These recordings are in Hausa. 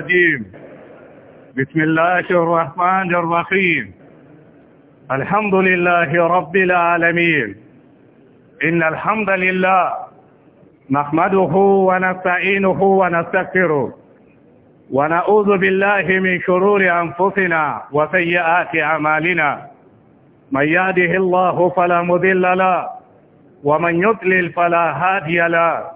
الرجيم بسم الله الرحمن الرحيم الحمد لله رب العالمين إن الحمد لله نحمده ونستعينه ونستغفره ونعوذ بالله من شرور أنفسنا وسيئات أعمالنا من يهده الله فلا مذل له ومن يضلل فلا هادي له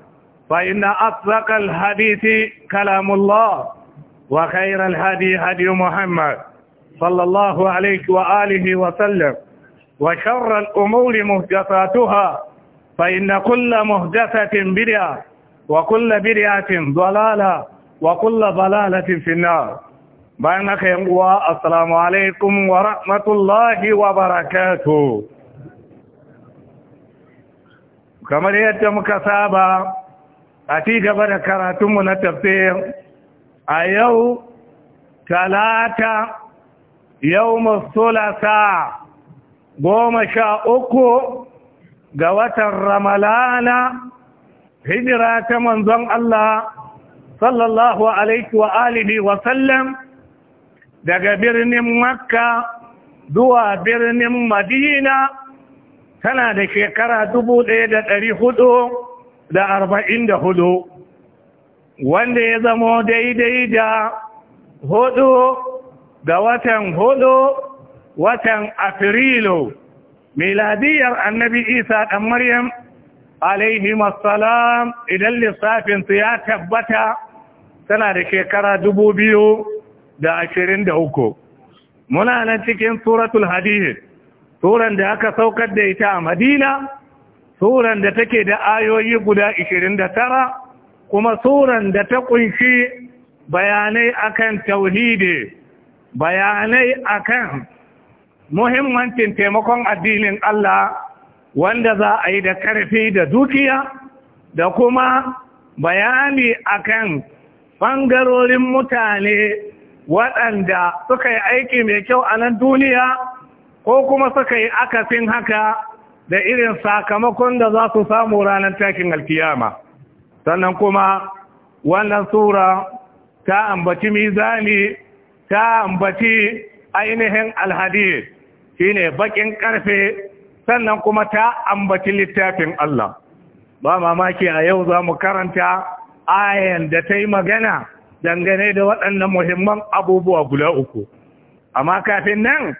فإن أصدق الحديث كلام الله وخير الهدي هدي محمد صلى الله عليه وآله وسلم وشر الأمور مهدفاتها فإن كل مهدفة بدعة وكل بدعة ضلالة وكل ضلالة في النار بأنك ينقوى السلام عليكم ورحمة الله وبركاته كما يتم كسابا a ci gaba da karatunmu na tafsir a yau talata yau musulasa goma sha uku ga watan ramalana hijira ta manzon Allah sallallahu alaihi wa alihi wa sallam daga birnin makka zuwa birnin madina tana da shekara dubu ɗaya da ɗari hudu da arba'in da hudu wanda ya zamo daidai da hudu ga watan hudu watan afrilu miladiyar annabi isa ɗan maryam alaihi masalam idan lissafinsu ya tabbata tana da shekara dubu biyu da ashirin da uku muna nan cikin suratul hadith turan da aka saukar da ita a madina suran da take da ayoyi guda 29 kuma suran da ta kunshi bayanai akan tauhidi bayanai akan muhimmancin taimakon addinin Allah wanda za a yi da karfi da dukiya da kuma bayani akan bangarorin mutane waɗanda suka yi aiki mai kyau a nan duniya ko kuma suka yi akasin haka da irin sakamakon da za su samu ranar takin alkiyama sannan kuma wannan sura ta ambaci mizani ta ambaci ainihin shi ne bakin karfe sannan kuma ta ambaci littafin Allah ba mamaki a yau za mu karanta ayan da ta yi magana dangane da waɗannan muhimman abubuwa guda uku amma kafin nan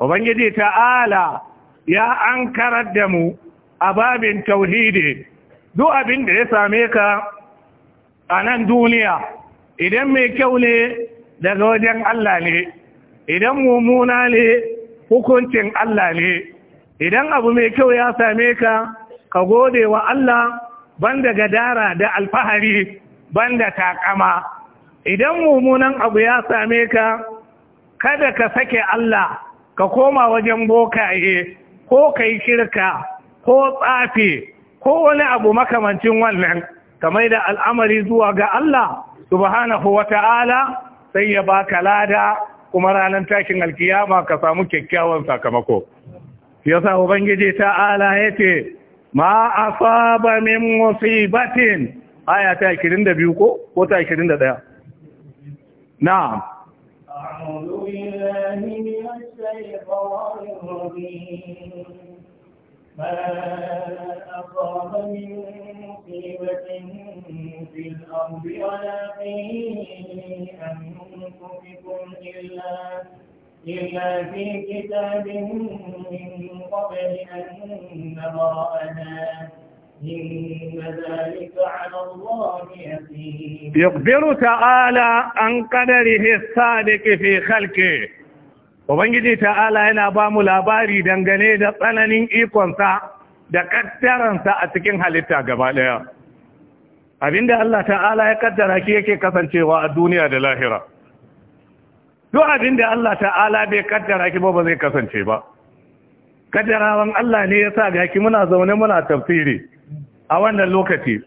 ubangiji ta'ala ya an karar da mu a babin tauhidi duk abin da ya same ka a nan duniya idan mai kyau ne daga wajen Allah ne idan mummuna ne hukuncin Allah ne idan abu mai kyau ya same ka ka gode wa Allah ban da gadara da alfahari ban da takama idan mummunan abu ya same ka kada ka sake Allah ka koma wajen bokaye ko ka yi shirka ko tsafi ko wani abu makamancin wannan kamar da al'amari zuwa ga Allah subhanahu wa ta'ala sai ya baka lada kuma ranar takin alkiyama ka samu kyakkyawan sakamako Ya yasa ubangiji ta'ala yace ma asaba min musibatin aya ta 22 ko ko ta 21 na'am a'udhu billahi minash المكرمين ما من مصيبة في الأرض ولا في أنفسكم إلا إلا في كتاب من قبل أن يخبر تعالى عن قدره الصادق في خلقه Ubangiji ta'ala yana ba mu labari dangane da tsananin ikonsa da ƙaddaransa a cikin halitta gaba ɗaya. Abinda Allah ta'ala ya ƙaddara shi yake kasancewa a duniya da lahira. Duk abinda Allah ta'ala bai ƙaddara shi ba zai kasance ba. Ƙaddarawan Allah ne ya sa ga ki muna zaune muna tafsiri a wannan lokaci.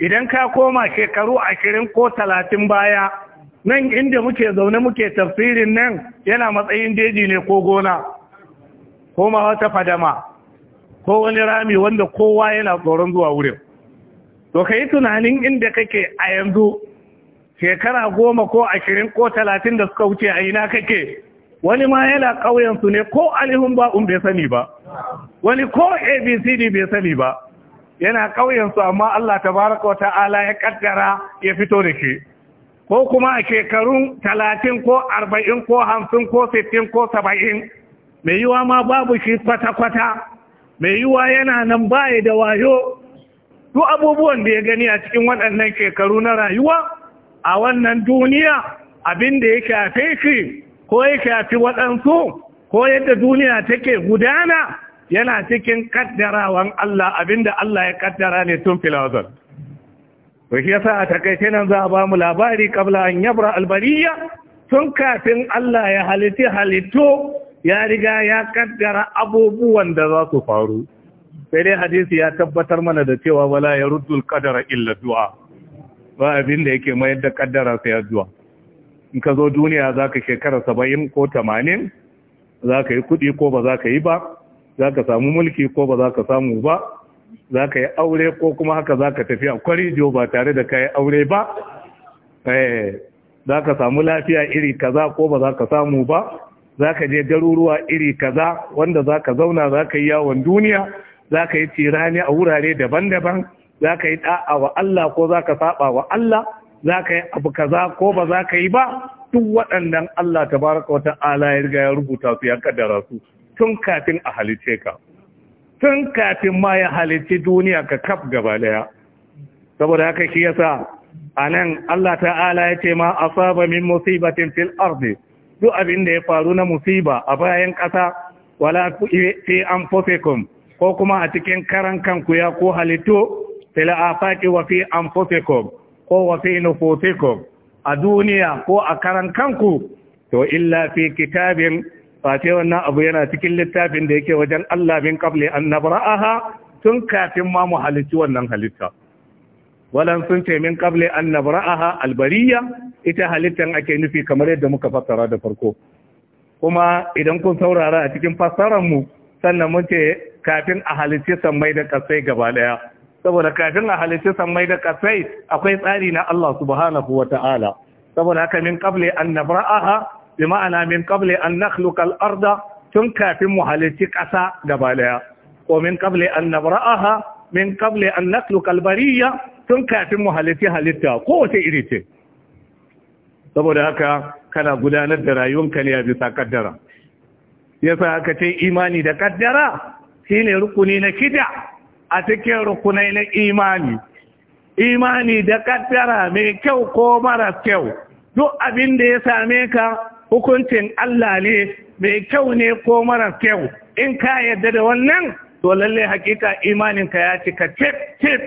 Idan ka koma shekaru ashirin ko talatin baya, nan inda muke zaune muke tafsirin nan yana matsayin deji ne ko gona ko ma wata fadama ko wani rami wanda kowa yana tsoron zuwa wurin to ka tunanin inda kake a yanzu shekara goma ko ashirin ko talatin da suka wuce a ina kake wani ma yana ƙauyensu ne ko alihun un bai sani ba wani ko abcd bai sani ba yana ƙauyensu amma allah tabaraka wa ta'ala ya ƙaddara ya fito da shi ko kuma a shekarun talatin ko arba'in ko hamsin ko sittin ko saba'in mai yiwa ma babu shi kwata-kwata mai yiwa yana nan baya da wayo duk abubuwan da ya gani a cikin waɗannan shekaru na rayuwa a wannan duniya abin da ya shafe shi ko ya shafi waɗansu ko yadda duniya take gudana yana cikin kaddarawan Allah abin da Allah ya kaddara ne tun filazon. to shi yasa a takaice nan za a ba mu labari kabla an yabra albariya tun kafin Allah ya halitti halitto ya riga ya kaddara abubuwan da za su faru sai dai hadisi ya tabbatar mana da cewa wala ya ruddul qadara illa du'a ba abin da yake mayar da kaddara sai addu'a in ka zo duniya zaka shekara 70 ko 80 zaka yi kudi ko ba zaka yi ba zaka samu mulki ko ba ka samu ba za ka yi aure ko kuma haka za ka tafi a jo ba tare da ka yi aure ba za ka samu lafiya iri kaza ko ba za ka samu ba za ka je garuruwa iri kaza wanda za ka zauna za ka yi yawon duniya za ka yi tirani a wurare daban-daban za ka yi ɗa'a wa Allah ko za ka saba wa Allah za ka yi abu kaza ko ba za ka yi ba duk waɗannan Allah Ta baraka wata, ya riga ya rubuta su ya kaddara su tun kafin a halicce ka. tun kafin ma ya halitti duniya ka kaf gaba daya saboda haka shi yasa anan Allah ta'ala ya ce ma asaba min musibatin fil ardi duk abin da ya faru na musiba a bayan ƙasa wala fi anfusikum ko kuma a cikin karan kanku ya ko halittu fil afati wa fi anfusikum ko wa fi nufusikum a duniya ko a karan kanku to illa fi kitabin face wannan abu yana cikin littafin da yake wajen Allah min qabli an nabra'aha tun kafin ma mu halicci wannan halitta walan sun ce min qabli an nabra'aha albariya ita halittan ake nufi kamar yadda muka fassara da farko kuma idan kun saurara a cikin fassarar mu sannan mun ce kafin a halicci sammai da kasai gaba daya saboda kafin a halicci sammai da kasai akwai tsari na Allah subhanahu wata'ala saboda haka min qabli an nabra'aha بمعنى من قبل أن نخلق الأرض ثم في محلتك أسا قبالها ومن قبل أن نبرأها من قبل أن نخلق البرية ثم في محلتها للتا قوة إريتي طب هكا كان قدانا الدرا يمكن يا بيسا قدرا يسا كتي إيماني دا قدرا سيني ركنين كدع أتكي إيماني إيماني دا من كو كو مرس كو أبين دي ساميكا hukuncin Allah ne mai kyau ne ko mara kyau in ka yadda da wannan to lalle hakika imaninka ya cika tip tip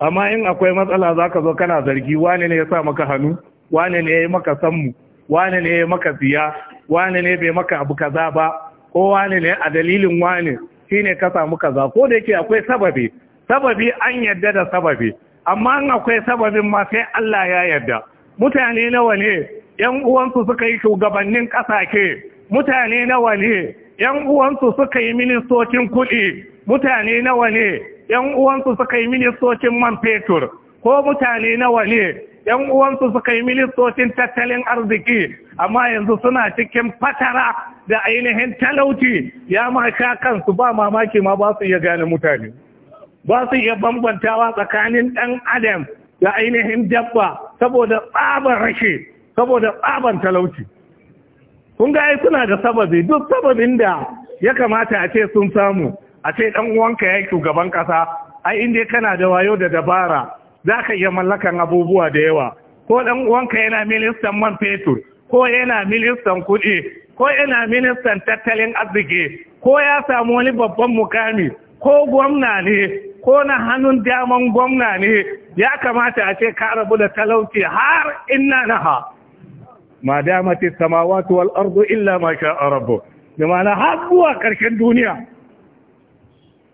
amma in akwai matsala zaka zo kana zargi wane ne ya sa maka hannu wane ne ya maka sammu wane ne ya maka siya wane ne bai maka abu kaza ba ko wane ne a dalilin wane shine ka samu kaza ko da yake akwai sababi sababi an yadda da sababi amma in akwai sababin ma sai Allah ya yarda mutane nawa ne ‘yan uwansu suka yi shugabannin ƙasashe mutane nawa ne, ‘yan uwansu suka yi ministocin kuɗi mutane nawa ne, ‘yan uwansu suka yi ministocin man fetur ko mutane nawa ne, ‘yan uwansu suka yi ministocin tattalin arziki, amma yanzu suna cikin fatara da ainihin talauci ya ma sha kansu ba mamaki ma ba su iya gane mutane. Ba su iya bambantawa tsakanin ɗan adam da ainihin dabba saboda tsabar rashi saboda tsaban talauci kun ga suna da sababi duk sababin da ya kamata a ce sun samu a ce dan uwanka yayi shugaban ƙasa, ai inda kana da wayo da dabara zaka iya mallakan abubuwa da yawa ko dan uwanka yana ministan man fetur ko yana ministan kuɗi ko yana ministan tattalin arziki ko ya samu wani babban mukami ko gwamna ne ko na hannun daman gwamna ne ya kamata a ce ka rabu da talauci har inna naha ma damati samawati wal ardu illa ma sha'a rabbu da ma'ana har ƙarshen duniya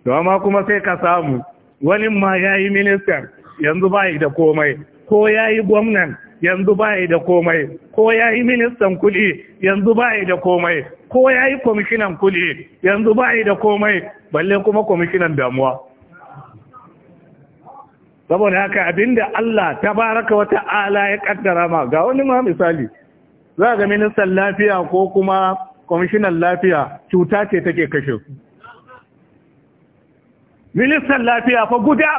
to amma kuma sai ka samu wani ma yayi minister yanzu bai da komai ko yayi gwamnan yanzu bai da komai ko yayi ministan kuli yanzu bai da komai ko yayi kwamishinan kuli yanzu bai da komai balle kuma kwamishinan damuwa saboda haka abinda Allah tabaraka wata ala ya kaddara ma ga wani ma misali za ga ministan lafiya ko kuma kwamishinan lafiya cuta ce take kashe su ministan lafiya fa guda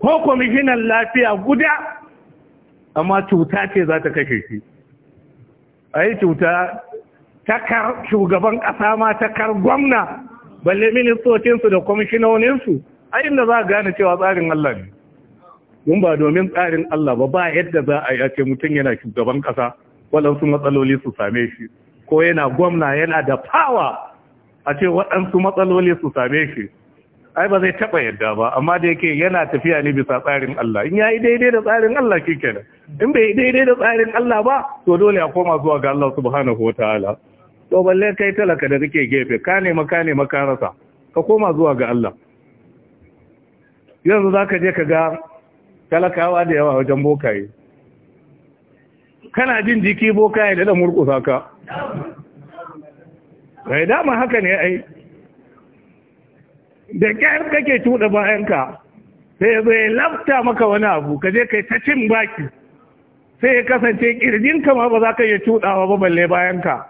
ko kwamishinan lafiya guda amma cuta ce za ta kashe shi a yi cuta takar shugaban ƙasa ma takar gwamna balle ministocinsu da kwamishinoninsu a inda za a gane cewa tsarin Allah ne mun ba domin tsarin Allah ba ba yadda za a yace mutum yana shugaban kasa waɗansu matsaloli su same shi ko yana gwamna yana da fawa a ce waɗansu matsaloli su same shi ai ba zai taɓa yadda ba amma da yake yana tafiya ne bisa tsarin Allah in ya yi daidai da tsarin Allah kenan in bai yi daidai da tsarin Allah ba to dole a koma zuwa ga Allah subhanahu ta'ala to balle kai talaka da kake gefe ka ne maka ne maka rasa ka koma zuwa ga Allah yanzu zaka je ka ga talakawa da yawa wajen bokaye kana jin jiki bokaye da da murkusa ka bai dama haka ne ai da kyar kake tuɗa bayanka sai ya zai lafta maka wani abu ka je kai ta cin baki sai ya kasance kirjinka ma ba za ka iya tuɗawa ba balle bayanka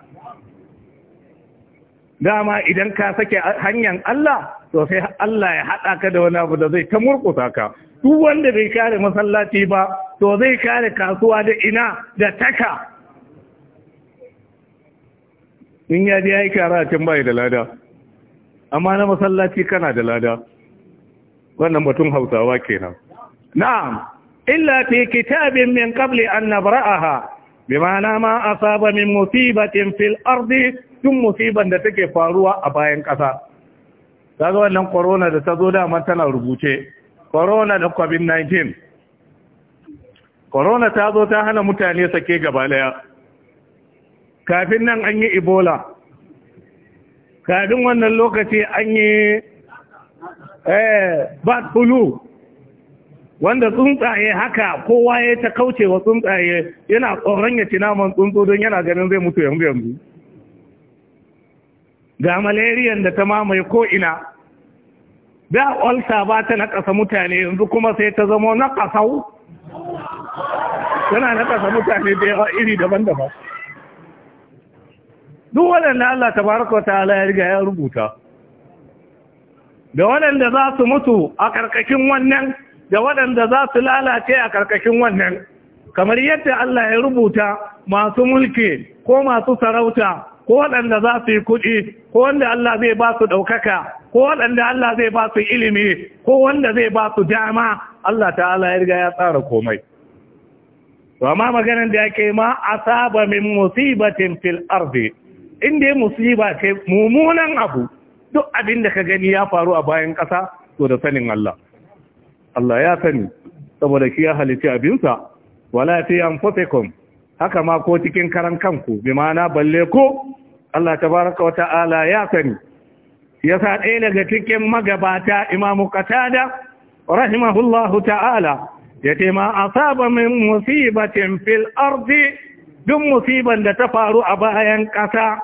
dama idan ka sake hanyar Allah to sai Allah ya haɗa ka da wani abu da zai ta murkusa ka duk wanda bai kare masallaci ba to zai kare kasuwa da ina da taka in ya ji ya yi kara a can bai da lada amma na masallaci kana da lada wannan batun hausawa kenan na'am illa fi kitabin min qabli an nabra'aha bimana ma asaba min musibatin fil ardi tun musiban da take faruwa a bayan kasa kaga wannan corona da ta zo da man tana rubuce Korona da covid-19 corona ta zo ta hana mutane sake gaba daya kafin nan an yi ebola kafin wannan lokaci an yi eh, bat flu wanda tsuntsaye haka kowa ya ta kauce wa tsuntsaye yana tsoron ya ci naman tsuntsu don yana ganin zai mutu yanzu yanzu ga malariyan da ta mamaye ko'ina da olsa ba ta naƙasa mutane yanzu kuma sai ta zama ƙasau. tana naƙasa mutane da yawa iri daban-daban duk waɗanda Allah ta baraka wa ta'ala ya riga ya rubuta da waɗanda za su mutu a ƙarƙashin wannan da waɗanda za su lalace a ƙarƙashin wannan kamar yadda Allah ya rubuta masu mulki ko masu sarauta ko waɗanda za su yi kuɗi ko wanda Allah zai ba su ɗaukaka ko waɗanda Allah zai ba su ilimi ko wanda zai ba su dama Allah ta'ala ya riga ya tsara komai to amma maganar da yake ma asaba min musibatin fil ardi inda musiba ce mumunan abu duk abin da ka gani ya faru a bayan ƙasa to da sanin Allah Allah ya sani saboda shi ya halitta abinsa wala fi anfusikum haka ma ko cikin karan kanku bi na balle ko Allah tabaraka wa ta'ala ya sani ya sa ɗaya daga cikin magabata imamu katada rahimahullahu ta'ala ya ce ma saba min musibatin fil arzi duk musiban da ta faru a bayan ƙasa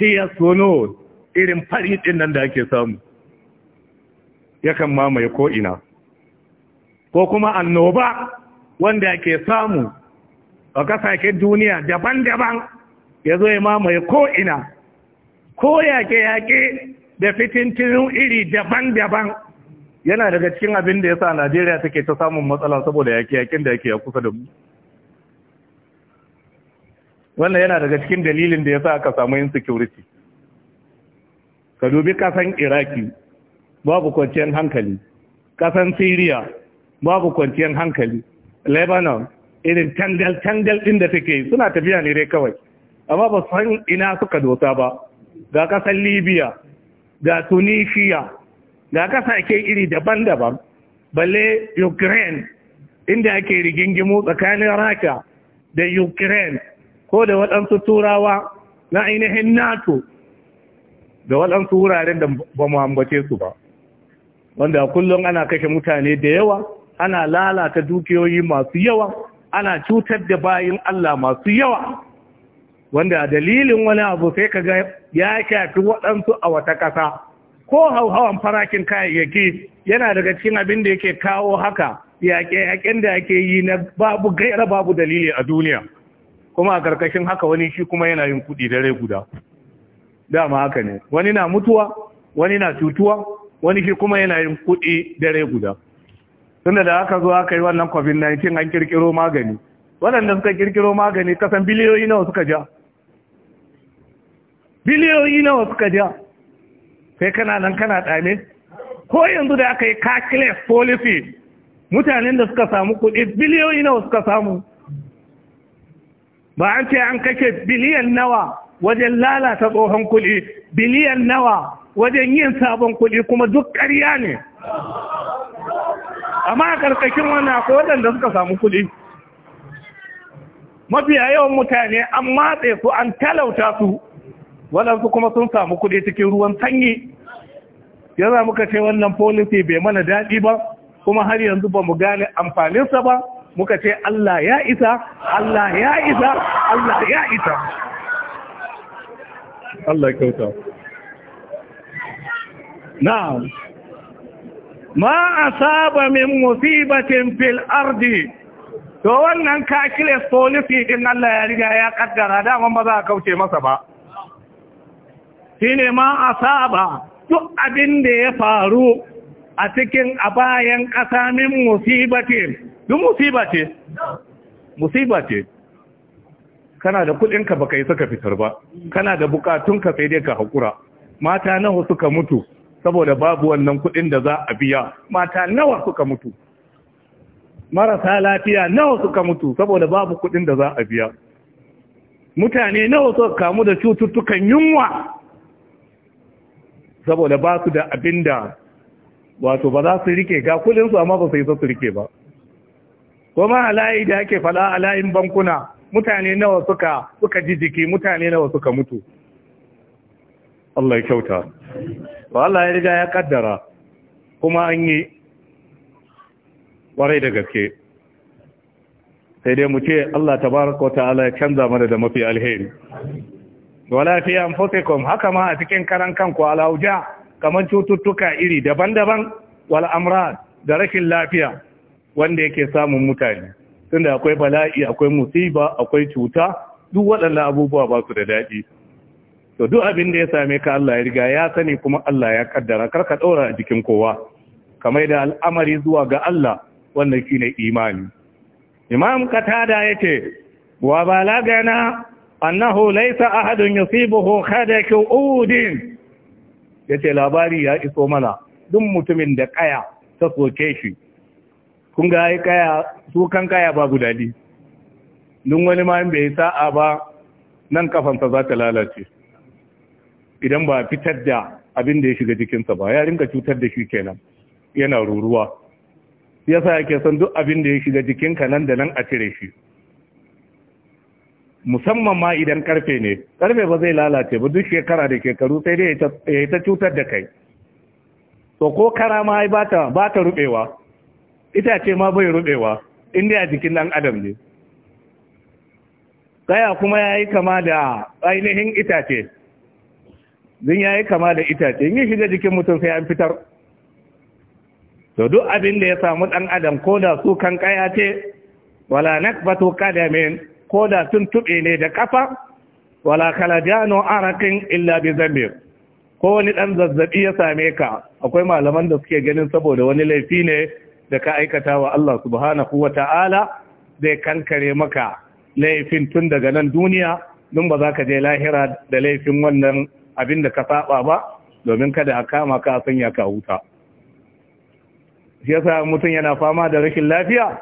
ya sunur irin fari ɗin nan da ake samu yakan mamaye ko ko kuma annoba wanda ke samu a ƙasashen duniya daban-daban ya zo ya mamaye ko'ina ko yaƙe-yaƙe da fitintinu iri daban-daban yana daga cikin abin da ya sa Najeriya take ta samun matsala saboda yaƙi-yaƙin da yake ya kusa da mu. Wannan yana daga cikin dalilin da ya sa aka samu insecurity. Ka dubi kasan Iraki babu kwanciyar hankali, kasan Syria, babu kwanciyar hankali, Lebanon irin tangal-tangal ɗin da take suna tafiya ne dai kawai, amma ba san ina suka dosa ba, ga kasan Libya ga tunisia ga kasashe iri daban-daban balle ukraine inda ake rigingimo tsakanin rasha da ukraine ko da waɗansu turawa na ainihin nato da waɗansu wuraren da ba mu ambace su ba wanda kullum ana kashe mutane da yawa ana lalata dukiyoyi masu yawa ana cutar da bayin Allah masu yawa wanda a dalilin wani abu sai ka ga ya shafi waɗansu a wata ƙasa ko hauhawan farashin kayayyaki yana daga cikin abin da yake kawo haka yaƙe-yaƙen da ake yi na babu gaira babu dalili a duniya kuma a ƙarƙashin haka wani shi kuma yana yin kuɗi dare guda dama haka ne wani na mutuwa wani na cutuwa wani shi kuma yana yin kuɗi dare guda tunda da aka zo aka yi wannan covid-19 an kirkiro magani waɗanda suka kirkiro magani kasan biliyoyi nawa suka ja biliyoyi nawa suka ja sai kana nan kana ɗame ko yanzu da aka yi calculus policy mutanen da suka samu kuɗi biliyoyi nawa suka samu ba an ce an kashe biliyan nawa wajen lalata tsohon kuɗi biliyan nawa wajen yin sabon kuɗi kuma duk ƙarya ne amma a ƙarƙashin wani akwai waɗanda suka samu kuɗi mafiya yawan mutane an matse su an talauta su waɗansu kuma sun samu kuɗi cikin ruwan sanyi ya za muka ce wannan policy bai mana daɗi ba kuma har yanzu ba mu gane amfaninsa ba muka ce Allah ya isa Allah ya isa Allah ya isa Allah kyauta Na ma saba min musibatin fil ardi to wannan kakilis policy ɗin Allah ya riga ya kaddara da ba za a kauce masa ba ne ma asaba duk abin da ya faru a cikin a bayan ƙasa min musibati duk musibati musibati ce kana da kuɗinka baka yi suka fitar ba kana da bukatunka sai dai ka haƙura mata nawa suka mutu saboda babu wannan kuɗin da za a biya mata nawa suka mutu marasa lafiya nawa suka mutu saboda babu kuɗin da za a biya mutane nawa suka kamu da cututtukan yunwa saboda ba su da abin da wato ba za su rike ga kulinsu amma ba su yi su rike ba kuma ala'i da ake fada a bankuna mutane nawa suka suka ji jiki mutane nawa suka mutu Allah ya kyauta ba Allah ya riga ya kaddara kuma an yi warai da gaske sai dai mu ce Allah tabaraka wa ta'ala ya canza mana da mafi alheri wala fi anfusikum haka ma a cikin karan kanku alauja kamar cututtuka iri daban-daban wal amrad da rashin lafiya wanda yake samun mutane tunda akwai bala'i akwai musiba akwai cuta duk waɗannan abubuwa ba su da daɗi to duk abin da ya same ka Allah ya riga ya sani kuma Allah ya kaddara kar ka ɗora a jikin kowa kamar da al'amari zuwa ga Allah wannan shine imani imam katada yace wa balagana annahu laisa ahadun yusibuhu khadaku udin yace labari ya iso mana duk mutumin da kaya ta soke shi kun ga ai kaya su kan kaya babu gudadi dun wani ma in bai sa'a ba nan kafansa za ta lalace idan ba fitar da abin da ya shiga jikinsa ba ya rinka cutar da shi kenan yana ruruwa yasa yake son duk abin da ya shiga jikinka nan da nan a cire shi musamman ma idan karfe ne karfe ba zai lalace ba duk shekara da shekaru sai dai ya ta cutar da kai to ko kara ma ai ba ta rubewa itace ma bai rubewa inda a jikin ɗan adam ne kaya kuma ya yi kama da ainihin itace zin ya yi kama da itace yi shiga jikin mutum sai an fitar to duk abin da ya samu ɗan adam ko da su kan kaya ce wala nakbatu qadamin ko da sun tuɓe ne da ƙafa wala kalajano arakin illa bi zamir ko wani ɗan zazzaɓi ya same ka akwai malaman da suke ganin saboda wani laifi ne da ka aikata wa Allah subhanahu wa ta'ala zai kankare maka laifin tun daga nan duniya don ba za ka je lahira da laifin wannan abin da ka saba ba domin kada a kama ka sanya ka huta shi yasa mutum yana fama da rashin lafiya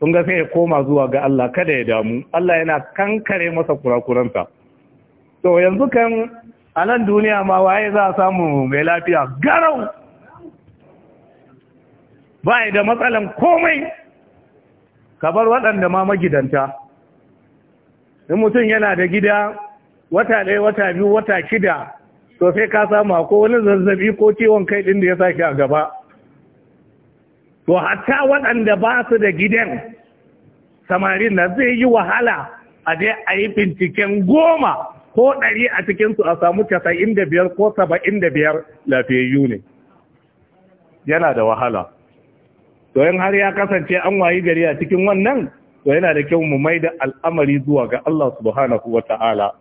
Sun ga sai ya koma zuwa ga Allah kada ya damu Allah yana kankare masa kurakuranta. to yanzu kan a nan duniya ma waye za a samu mai lafiya garau ba da matsalan komai kabar waɗanda ma magidanta in mutum yana da gida wata ɗaya wata biyu wata shida to sai ka samu ko wani zazzabi ko ciwon kai ɗin da ya sake a gaba to hatta waɗanda ba su da gidan samari na zai yi wahala a je a yi binciken goma ko ɗari a cikinsu a samu casa'in da biyar ko saba'in da biyar lafiyayyu ne yana da wahala to yin har ya kasance an wayi gari a cikin wannan to yana da kyau mu mai da al'amari zuwa ga Allah subhanahu wa ta'ala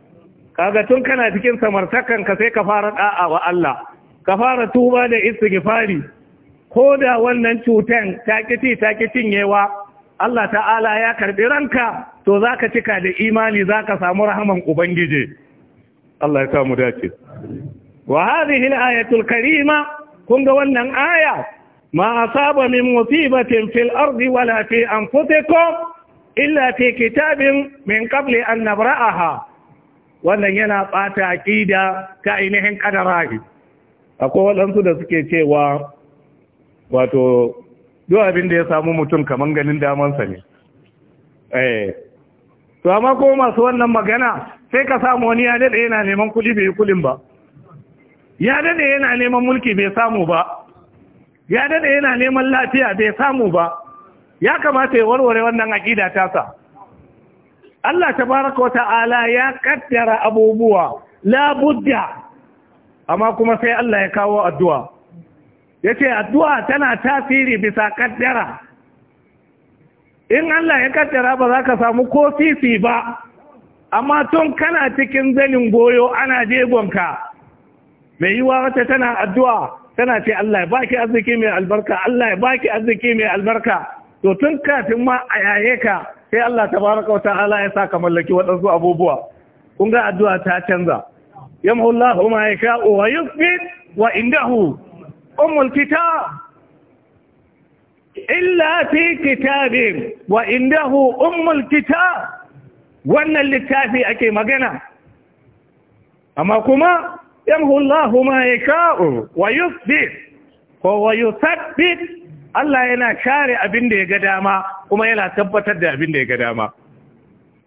kaga tun kana cikin samartakan ka sai ka fara da'a wa Allah ka fara tuba da istighfari ko da wannan cutan takiti takitin yewa Allah ta'ala ya karbi ranka to zaka cika da imani zaka samu rahaman ubangije Allah ya samu dace wa hadhihi al karima kun ga wannan aya ma asaba min musibatin fil ardi wala fi anfusikum illa fi kitabin min qabli an wannan yana bata ƙida ta ainihin kadarahi akwai waɗansu da suke cewa wato duk abin da ya samu mutum kaman ganin damansa ne eh to amma ko masu wannan magana sai ka samu wani ya dade yana neman kuli bai kulin ba ya dade yana neman mulki bai samu ba ya dade yana neman lafiya bai samu ba ya kamata ya warware wannan aqida tasa Allah tabaaraka wa ta'ala ya kaddara abubuwa la budda amma kuma sai Allah ya kawo addu'a ya ce addu'a tana tasiri bisa kaddara in Allah ya kaddara ba za ka samu ko sisi ba amma tun kana cikin zanin goyo ana jegonka mai yiwa wata tana addu'a tana ce Allah ya baki arziki mai albarka Allah ya baki arziki mai albarka to tun kafin ma a yaye ka sai Allah ta tabaraka wa ta'ala ya sa ka mallaki waɗansu abubuwa kun addu'a ta canza yamhullahu ma yasha'u wa yuthbit wa indahu أم الكتاب إلا في كتاب وإنه أم الكتاب وأن للتافي أكي مجنة أما كما يمحو الله ما يشاء ويثبت فهو يثبت Allah yana share abin da ya ga dama kuma yana tabbatar da abin da ya ga dama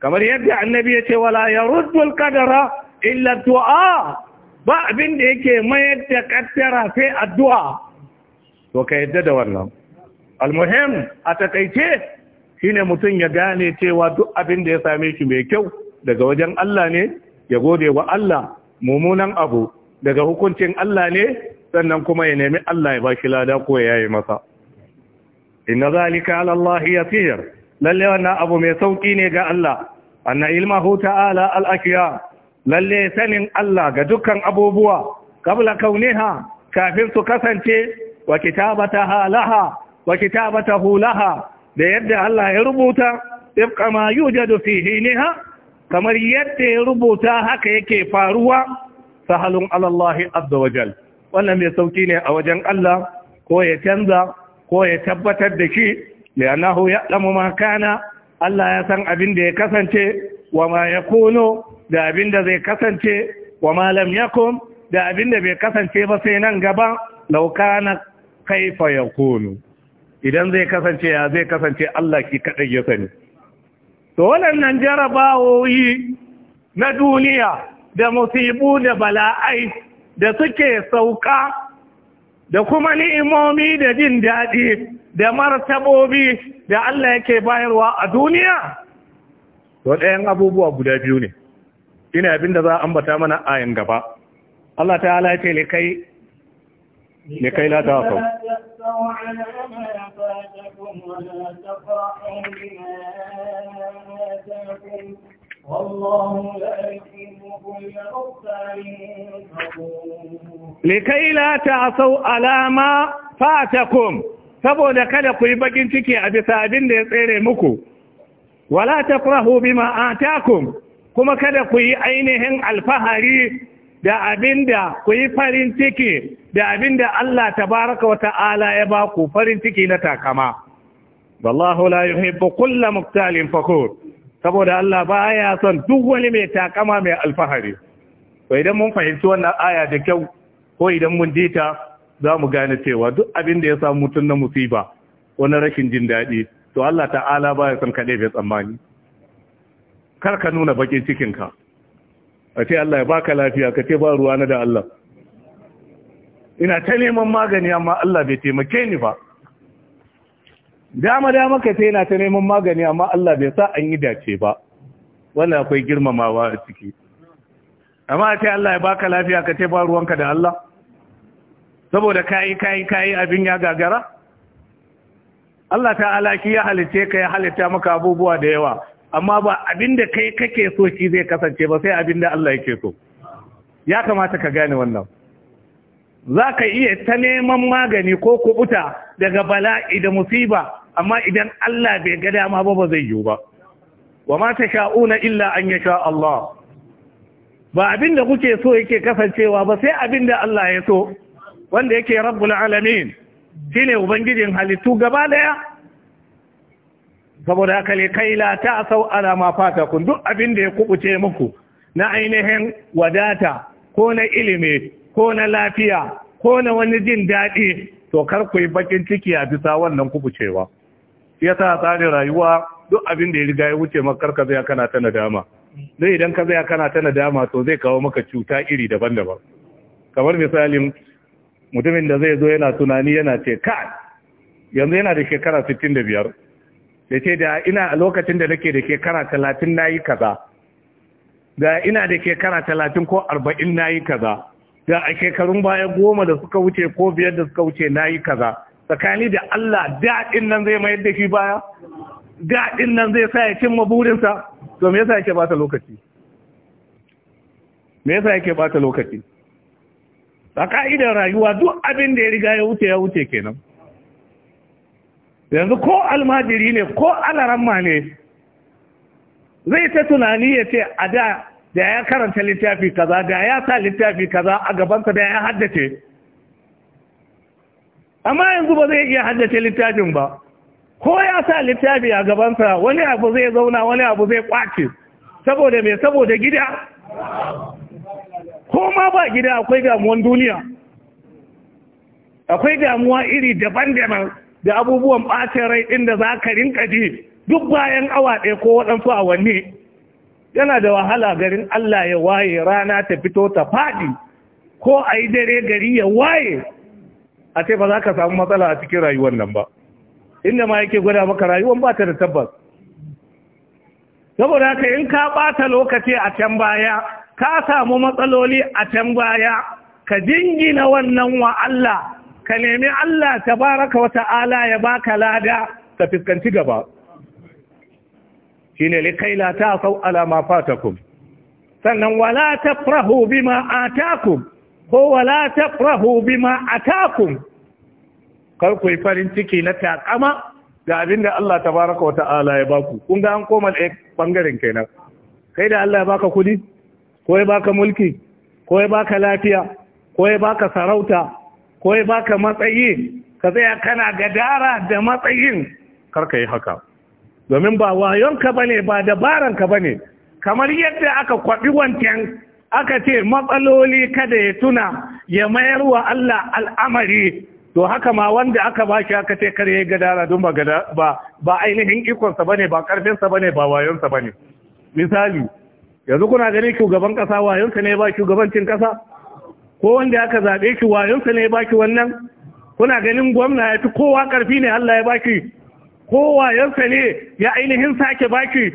kamar yadda annabi ya ce wala yaruddul qadara illa du'a ba abin da yake mayar da kaddara sai addu'a to ka yadda da wannan almuhim a takaice shine mutum ya gane cewa duk abin da ya same shi mai kyau daga wajen Allah ne ya gode wa Allah mummunan abu daga hukuncin Allah ne sannan kuma ya nemi Allah ya bashi lada ko ya yi masa inna zalika ala ya yasir lalle wannan abu mai sauki ne ga Allah anna ilmahu ta'ala al lalle sanin Allah ga dukkan abubuwa kabla kauniha kafin su kasance wa kitabataha halaha, wa kitabatahu hulaha da yadda Allah ya rubuta ifka ma yujadu fi hiniha kamar yadda ya rubuta haka yake faruwa sahalun alallahi azza wannan mai sauki ne a wajen Allah ko ya canza ko ya tabbatar da shi li'annahu ya'lamu ma kana Allah ya san abin da ya kasance wa ma yakunu da abin da zai kasance wa malam yakum da abin da bai kasance ba sai nan gaba na kaifa ya kunu idan zai kasance ya zai kasance Allah ki kaɗai ya sani to waɗannan jarabawoyi na duniya da musibu da bala'ai da suke sauka da kuma ni'imomi da jin daɗi da martabobi da Allah yake bayarwa a duniya to ɗayan abubuwa guda biyu ne shine abin da za a ambata mana ayan gaba Allah ta'ala ya ce ne kai ne kai la ta fa likai la ta'asau alama fatakum saboda kada ku yi bakin ciki a bisa abin da ya tsere muku wala ta tafrahu bima atakum kuma kada ku yi ainihin alfahari da abin da ku yi farin ciki da abin da Allah tabaraka wa ta'ala ya ba ku farin ciki na takama wallahu la yuhibbu kulla muktalin fakur saboda Allah baya son duk wani mai takama mai alfahari to idan mun fahimci wannan aya da kyau ko idan mun dita za mu gane cewa duk abin da ya samu mutum na musiba ko na rashin jin daɗi to Allah ta'ala baya son kaɗai bai tsammani kar ka nuna bakin cikinka a ce Allah ya baka lafiya ka ce ba ruwa na da Allah ina ta neman magani amma Allah bai taimake ni ba dama dama ka ce ina ta neman magani amma Allah bai sa an yi dace ba wannan akwai girmamawa a ciki amma a ce Allah ya baka lafiya ka ce ba ruwanka da Allah saboda kayi kayi kayi abin ya gagara Allah ta'ala ki ya halitte ka ya halitta maka abubuwa da yawa amma ba abinda kai kake so shi zai kasance ba sai abinda Allah yake so ya kamata ka gane wannan za ka iya ta neman magani ko kubuta daga bala'i da musiba amma idan Allah bai ga dama ba ba zai yiwu ba wa ma ta sha'una illa an ya sha Allah ba abin da kuke so yake kasancewa ba sai abin da Allah ya so wanda yake rabbul alamin shine ubangijin halittu gaba daya saboda haka ne kai la ta sau ala ma fata kun duk abin da ya kubuce muku na ainihin wadata ko na ilimi ko na lafiya ko na wani jin daɗi to kar ku yi bakin ciki a bisa wannan kubucewa ya sa tsarin rayuwa duk abin da ya riga ya wuce maka ka zai kana ta nadama zai idan ka zai kana ta nadama to zai kawo maka cuta iri daban-daban kamar misalin mutumin da zai zo yana tunani yana ce ka yanzu yana da shekara biyar. da ce da ina a lokacin da nake da kara talatin na yi kaza da ina da kara talatin ko arba'in na yi kaza da a shekarun baya goma da suka wuce ko biyar da suka wuce na yi kaza tsakani da Allah daɗin nan zai mayar da shi baya daɗin nan zai sa ya cimma burinsa to me yasa yake bata lokaci me yasa yake bata lokaci a ka'idar rayuwa duk abin da ya riga ya wuce ya wuce kenan yanzu ko almajiri ne ko alaramma ne zai ta tunani ya ce a da da ya karanta littafi kaza da ya sa littafi kaza a gabansa da ya haddace amma yanzu ba zai iya haddace littafin ba ko ya sa littafi a gabansa wani abu zai zauna wani abu zai kwace saboda mai saboda gida ko ma ba gida akwai damuwan duniya akwai damuwa iri daban-daban da abubuwan ɓacin rai ɗin da za ka rinka ji duk bayan awa ɗaya ko waɗansu awanni yana da wahala garin Allah ya waye rana ta fito ta faɗi ko a yi dare gari ya waye a ce ba za ka samu matsala a cikin rayuwar nan ba inda ma yake gwada maka rayuwar ba ta da tabbas saboda haka in ka ɓata lokaci a can baya ka samu matsaloli a can baya ka jingina wannan wa Allah ka nemi Allah tabaraka wata ta'ala ya baka lada ta fiskanci gaba shine likai la ta sau alama fatakun sannan wala tafrahu bima atakum ko wala tafrahu bima atakum kar ku yi farin ciki na takama ga abin da Allah baraka wata ala ya baku kun ga an koma bangaren kenan kai da Allah ya baka kudi ko ya baka mulki ko ya baka lafiya ko ya baka sarauta ko ya baka matsayi ka tsaya kana gadara da matsayin karka yi haka domin ba wayonka bane ba dabaranka bane kamar yadda aka kwabi wancan aka ce matsaloli kada ya tuna ya mayar wa Allah al'amari to haka ma wanda aka ba shi aka ce kar ya yi gadara don ba ainihin ikonsa bane ba karfinsa bane ba wayonsa bane misali yanzu kuna gani shugaban ƙasa, wayonsa ne ba shugabancin ƙasa? ko wanda aka zaɓe ki wayonsa ne ya baki wannan kuna ganin gwamna ya fi kowa ƙarfi ne Allah ya baki ko wayonsa ne ya ainihin sake baki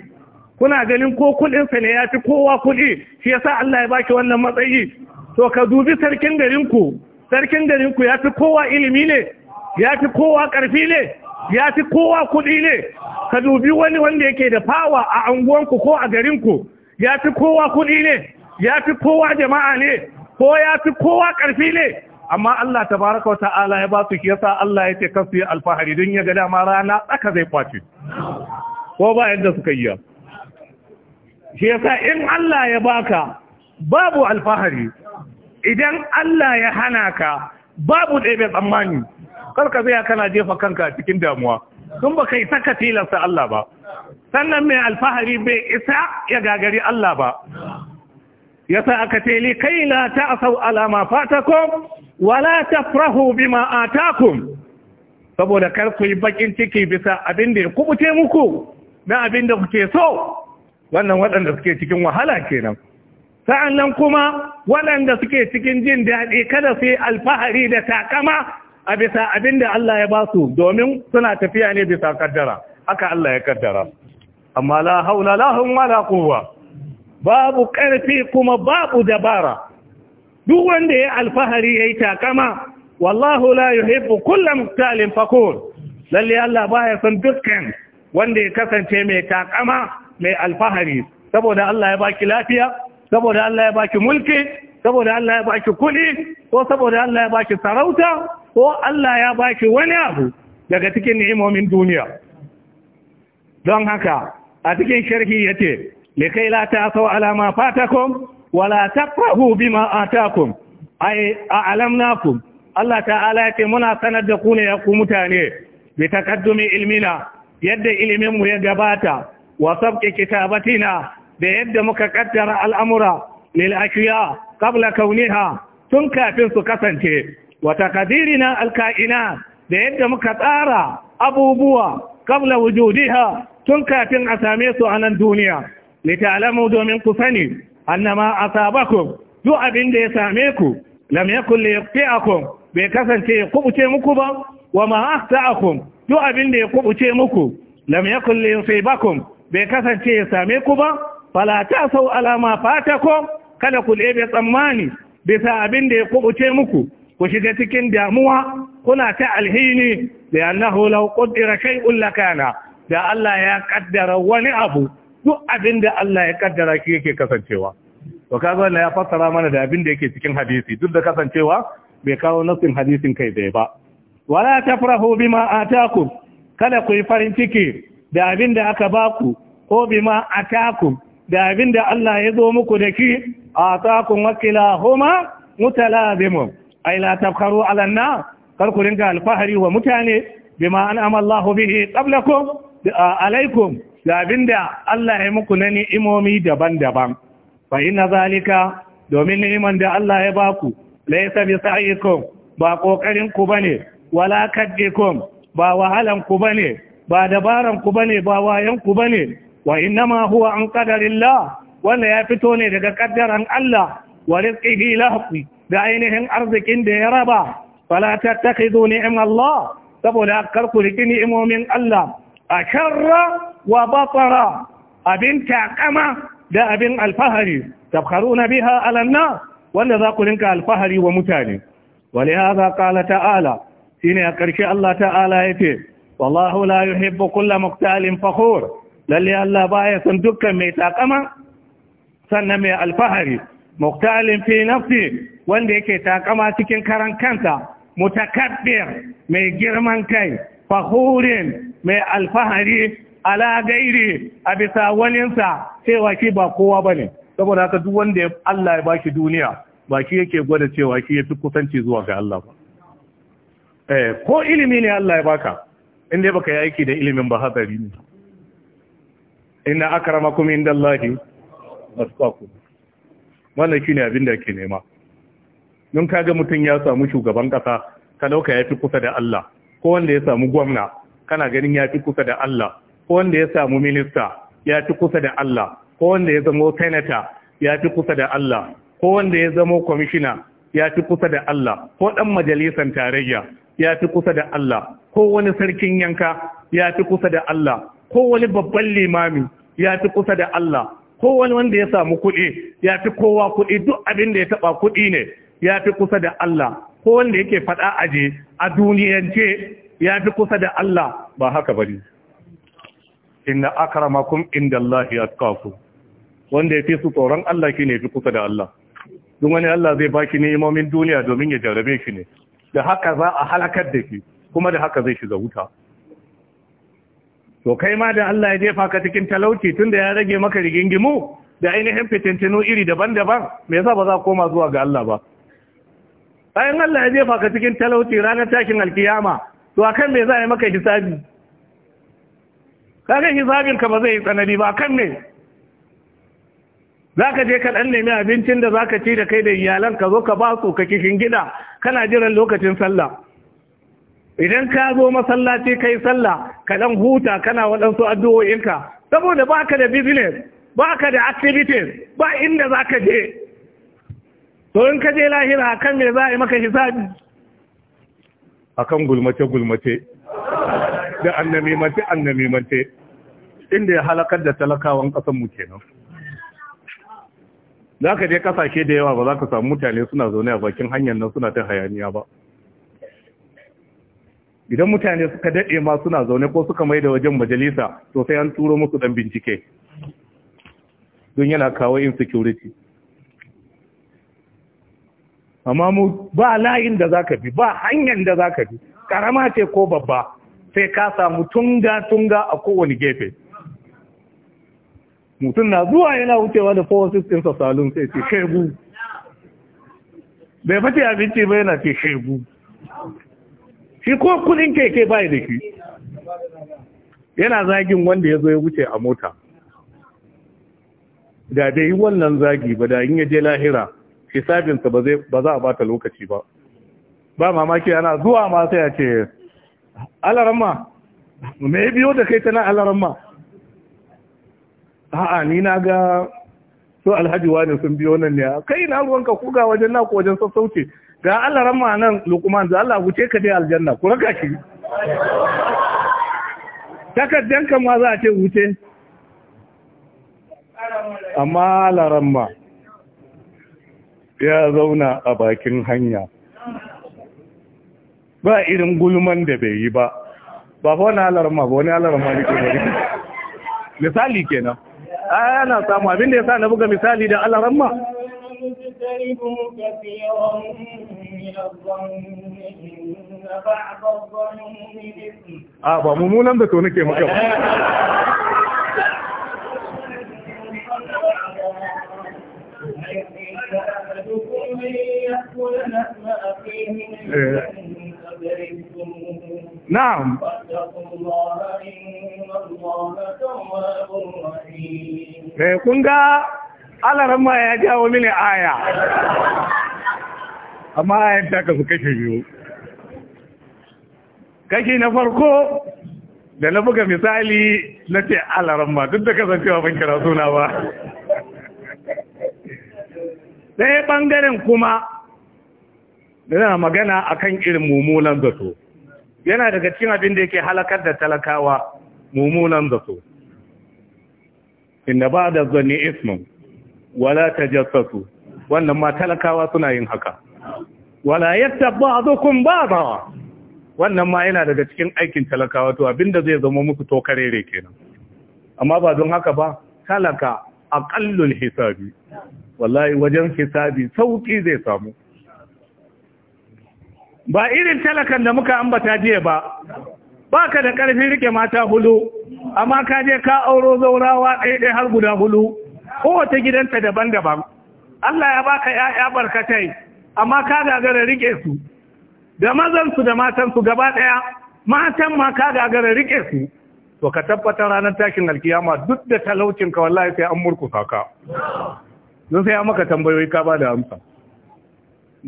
kuna ganin ko kuɗinsa ne ya fi kowa kuɗi shi yasa Allah ya baki wannan matsayi to ka dubi sarkin garinku sarkin garinku ya fi kowa ilimi ne ya fi kowa ƙarfi ne ya fi kowa kuɗi ne ka dubi wani wanda yake da fawa a anguwanku ko a garinku ya fi kowa kuɗi ne ya fi kowa jama'a ne ko ya fi kowa ƙarfi ne amma Allah ta tabaraka wata ta'ala ya ba su shi yasa Allah ya ce kasu alfahari don ya ga dama rana tsaka zai kwace ko ba yadda suka yi shi yasa in Allah ya baka babu alfahari idan Allah ya hana ka babu ɗaya mai tsammani karka zai kana jefa kanka cikin damuwa sun ba kai saka tilasta Allah ba sannan mai alfahari bai isa ya gagari Allah ba yasa aka ce li kai la ta'sau ala ma fatakum wa la tafrahu bima atakum saboda kar ku yi bakin ciki bisa abin da ya kubuce muku na abin da kuke so wannan waɗanda suke cikin wahala kenan sa'annan kuma waɗanda suke cikin jin daɗi kada su yi alfahari da takama a bisa abin da Allah ya ba su domin suna tafiya ne bisa kaddara haka Allah ya kaddara amma la haula lahum wala quwwa babu ƙarfi kuma babu dabara duk wanda ya alfahari ya yi takama wallahu la yuhibbu kulla muktalin fakur lalle Allah baya son dukkan wanda ya kasance mai takama mai alfahari saboda Allah ya baki lafiya saboda Allah ya baki mulki saboda Allah ya baki kuɗi ko saboda Allah ya baki sarauta ko Allah ya baki wani abu daga cikin ni'imomin duniya don haka a cikin sharhi yace likai la sau ala ma fatakum wala tafrahu bima atakum ai a'lamnakum Allah ta'ala yake muna sanar da ku ne ya ku mutane bi taqaddumi ilmina yadda ilimin mu ya gabata wa sabqi kitabatina da yadda muka kaddara al'amura lil ashiya qabla kauniha tun kafin su kasance wa taqdirina da yadda muka tsara abubuwa qabla wujudiha tun kafin a same su a nan duniya litalamu domin ku sani annama asabakum duk abin da ya same ku lam yakun liyaqti'akum bai kasance ya kubuce muku ba wa ma akhta'akum duk abin da ya kubuce muku lam yakun liyusibakum bai kasance ya same ku ba fala ta'sau ala ma fatakum kada ku lebe tsammani bisa abin da ya kubuce muku ku shiga cikin damuwa kuna ta alhini da annahu law qaddara shay'un lakana da Allah ya kaddara wani abu duk abin da Allah ya kaddara shi yake kasancewa to kaga wannan ya fassara mana da abin da yake cikin hadisi duk da kasancewa bai kawo nasin hadisin kai dai ba wala tafrahu bima ataakum kada ku yi farin ciki da abin da aka baku ko bima ataakum da abin da Allah ya zo muku da ki ataakum wakila huma mutalazimun ay la tafkharu ala na kar ku ringa alfahari wa mutane bima an amallahu bihi qablakum alaikum ga abinda Allah ya muku na ni'imomi daban-daban fa inna zalika domin ni'iman da Allah ya baku laysa bi sa'ikum ba ƙoƙarinku ku bane wala kaddikum ba wahalan ku bane ba dabaranku ku bane ba wayanku ku bane wa innama huwa an qadarillah wanda ya fito ne daga kaddaran Allah wa rizqihi lahu da ainihin arzikin da ya raba fala tattakhidhu ni'am Allah saboda kar ku riki ni'imomin Allah a sharra wa batara abin takama da abin alfahari tabkharuna biha ala nnas wanda za ku rinka alfahari wa mutane wali hadha qala ta'ala shine a ƙarshe Allah ta'ala ya ce. wallahu la yuhibbu kulla muqtalin fakhur lalle Allah baya son dukkan mai takama sannan mai alfahari muqtalin fi nafsi wanda yake takama cikin karan kansa, kanta mutakabbir mai girman kai Fahurin mai alfahari ala gairi a bisa waninsa cewa shi ba kowa ba ne saboda haka duk wanda Allah ya baki duniya ba shi yake gwada cewa shi ya fi kusanci zuwa ga Allah ba eh ko ilimi ne Allah ya baka in dai baka yi aiki da ilimin ba hatsari ne inna akramakum indallahi asqakum wannan shine abin da ke nema don kaga mutum ya samu shugaban kasa ka dauka fi kusa da Allah ko wanda ya samu gwamna kana ganin ya fi kusa da Allah ko wanda ya samu minista ya fi kusa da Allah ko wanda ya zamo senator ya fi kusa da Allah ko wanda ya zama kwamishina ya fi kusa da Allah ko ɗan majalisar tarayya ya fi kusa da Allah ko wani sarkin yanka ya fi kusa da Allah ko wani babban limami ya fi kusa da Allah ko wani wanda ya samu kuɗi ya fi kowa kuɗi duk abin da ya taɓa kuɗi ne ya fi kusa da Allah ko wanda yake faɗa aje a duniyance ya fi kusa da Allah ba haka bane inna akramakum indallahi atqakum wanda yafi su tsoron Allah shine fi kusa da Allah don wani Allah zai baki imomin duniya domin ya jarabe shi ne da haka za a halakar da shi kuma da haka zai shiga wuta to kai ma da Allah ya jefa ka cikin talauci tunda ya rage maka rigingimu da ainihin fitintinu iri daban-daban me yasa ba za koma zuwa ga Allah ba bayan Allah ya jefa ka cikin talauci ranar tashin alkiyama to akan me za a yi maka hisabi kaga ka ba zai yi tsanani ba kan ne za je ka ɗan nemi abincin da zaka ci da kai da iyalan ka zo ka ba su ka kishin gida kana jiran lokacin sallah idan ka zo masallaci kai sallah ka dan huta kana waɗansu addu'o'inka saboda ba ka da business ba ka da activities ba inda za ka je to in ka je lahira kan me za a yi maka hisabi akan gulmace-gulmace da mace, annami mace, inda ya halakar da talakawan ƙasanmu kenan za ka je kasashe da yawa ba za ka samu mutane suna zaune a bakin hanyar nan suna ta hayaniya ba idan mutane suka daɗe ma suna zaune ko suka mai da wajen majalisa to sai an turo musu ɗan bincike don yana kawo insecurity amma mu ba layin da za ka bi ba hanyar da za ka bi ƙarama ce ko babba sai ka samu tunga-tunga a kowane gefe mutum na zuwa yana wucewa da four systems sa salon sai ce shegu bai fata abinci ba yana ce shegu shi ko kudin keke bai da shi yana zagin wanda ya zo ya wuce a mota da bai yi wannan zagi ba da yin yaje je lahira sabinsa ba za a bata lokaci ba ba mamaki ana zuwa ma sai ce alarama me biyo da kai tana na alarama a'a ni na ga so alhaji wani sun biyo nan ne kai na ruwanka ku ga wajen naku wajen sassauce ga alarama nan lukman da Allah wuce ka dai aljanna ku raka ki takaddanka ma za a ce wuce amma alarama ya zauna a bakin hanya ba irin gulman da bai yi ba ba fa wani ma ba wani ma ne ke bari misali kenan a yana samu abin da ya sa na buga misali da alar ma a ba mummunan da to nake maka ba Yeah. نعم eh kun ga alarama ya jawo mini aya amma ayan ta kasu kashe biyu kashi na farko da na buga misali na ce alarama duk da kasancewa ban kira suna ba Sai ɓangaren kuma yana magana a kan irin mummunan zato yana daga cikin abin da yake halakar da talakawa mummunan zato inda ba da zane ismin wala ta jasasu wannan ma talakawa suna yin haka wala yadda ba zukun ba ba wannan ma yana daga cikin aikin talakawa to abinda zai zama muku to karere kenan amma ba don haka ba talaka a ƙallon hisabi wallahi wajen hisabi sauƙi zai samu ba irin talakan da muka ambata jiya ba ba ka da ƙarfin rike mata hulu amma ka je ka auro zaurawa ɗaiɗai har guda hulu kowace gidanta daban-daban Allah ya baka ‘ya'ya barkatai amma ka gagara rike su da mazansu da matansu gaba ɗaya matan ma ka gagara rike su to ka tabbatar ranar tashin alkiyama duk da talaucinka wallahi sai an murkusa ka don sai ya maka tambayoyi ka ba da amsa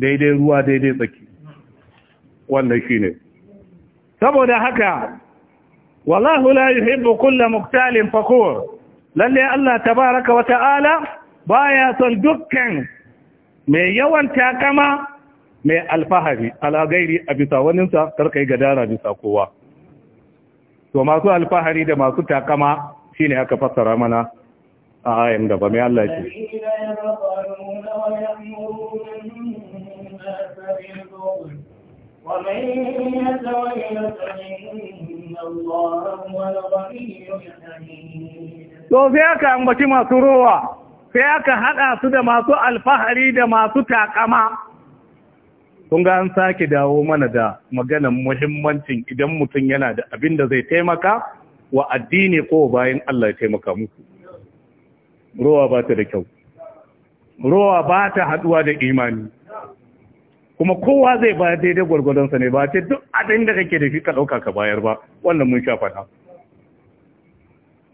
daidai ruwa daidai tsaki wannan shine saboda haka wallahu la yuhibbu kulla muktalin fakur lalle Allah tabaraka wa ta'ala baya son dukkan mai yawan takama mai alfahari alagairi a bisa waninsa karkai gadara bisa kowa to masu alfahari da masu takama shine aka fassara mana a ayin gaba mai Allah ce to sai aka ambaci masu rowa sai aka haɗa su da masu alfahari da masu takama kun ga an sake dawo mana da maganan muhimmancin idan mutum yana da abin da zai taimaka wa addini ko bayan Allah ya taimaka musu rowa ba ta da kyau rowa ba ta haɗuwa da imani kuma kowa zai bayar daidai gwargwadonsa ne ba ce duk abin da kake da shi ka ɗauka ka bayar ba wannan mun sha faɗa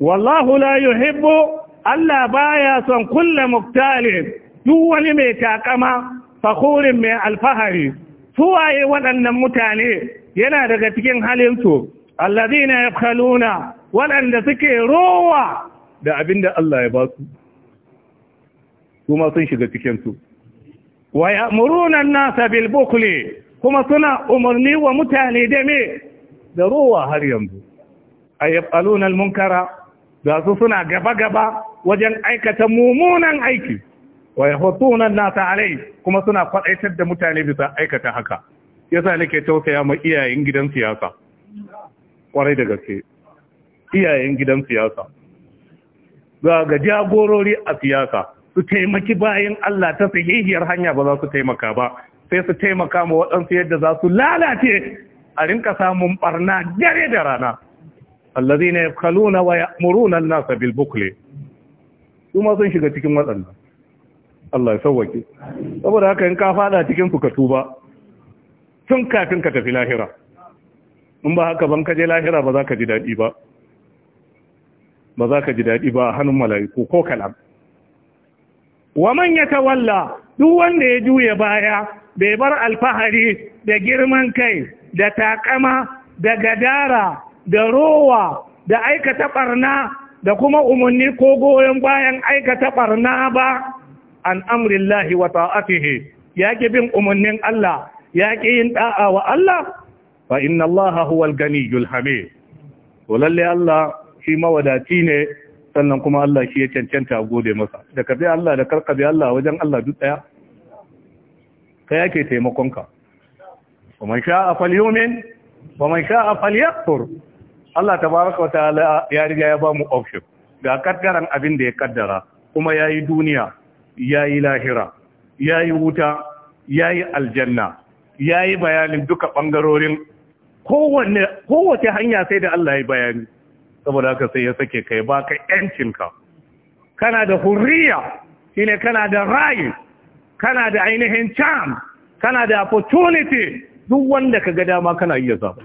wallahu la yuhibbu Allah baya son kulle muktalin duk wani mai takama fakurin mai alfahari suwaye waɗannan mutane yana daga cikin halinsu allazina yabkhaluna waɗanda suke rowa da abin da Allah ya ba su kuma sun shiga cikinsu wa ya muruna nasa bil kuma suna umarni wa mutane da me da ruwa har yanzu ayyaluna al-munkara da su suna gaba gaba wajen aikata mummunan aiki wa ya hotunan nasa alai kuma suna kwadaitar da mutane bisa aikata haka Ya yasa nake tausaya ma iyayen gidan siyasa kwarai da gaske iyayen gidan siyasa ga ga jagorori a siyasa su taimaki bayan Allah ta sahihiyar hanya ba za su taimaka ba sai su taimaka ma waɗansu yadda za su lalace a rinka samun barna dare da rana allazi ne kaluna wa ya'muruna an-nasa bil bukli kuma sun shiga cikin waɗannan Allah ya sauwake saboda haka in ka fada cikin su ka tuba tun kafin ka tafi lahira in ba haka ban ka je lahira ba za ka ji daɗi ba ba za ka ji daɗi ba hannun mala'iku ko kalam wa man yatawalla duk wanda ya juye baya bai bar alfahari da girman kai da takama da gadara da rowa da aikata barna da kuma umarni ko goyon bayan aikata barna ba an amrillahi wa ta'atihi ya ki bin umarnin Allah ya ki yin da'a wa Allah fa inna Allah huwal ganiyul hamid to lalle Allah shi mawadaci ne sannan kuma Allah shi ya cancanta gode masa da ka bi Allah da karka bi Allah wajen Allah duk daya ka yake taimakon ka kuma sha'a falyumin sha sha'a falyakfur Allah tabaraka wa ta'ala ya riga ya ba mu option ga kaddaran abin da ya kaddara kuma yayi duniya yayi lahira yayi wuta yayi aljanna yayi bayanin duka bangarorin kowanne kowace hanya sai da Allah ya bayani saboda haka sai ya sake kai baka yancinka kana da hurriya shine kana da rayi kana da ainihin can. kana da opportunity duk wanda ka ga dama kana iya zaba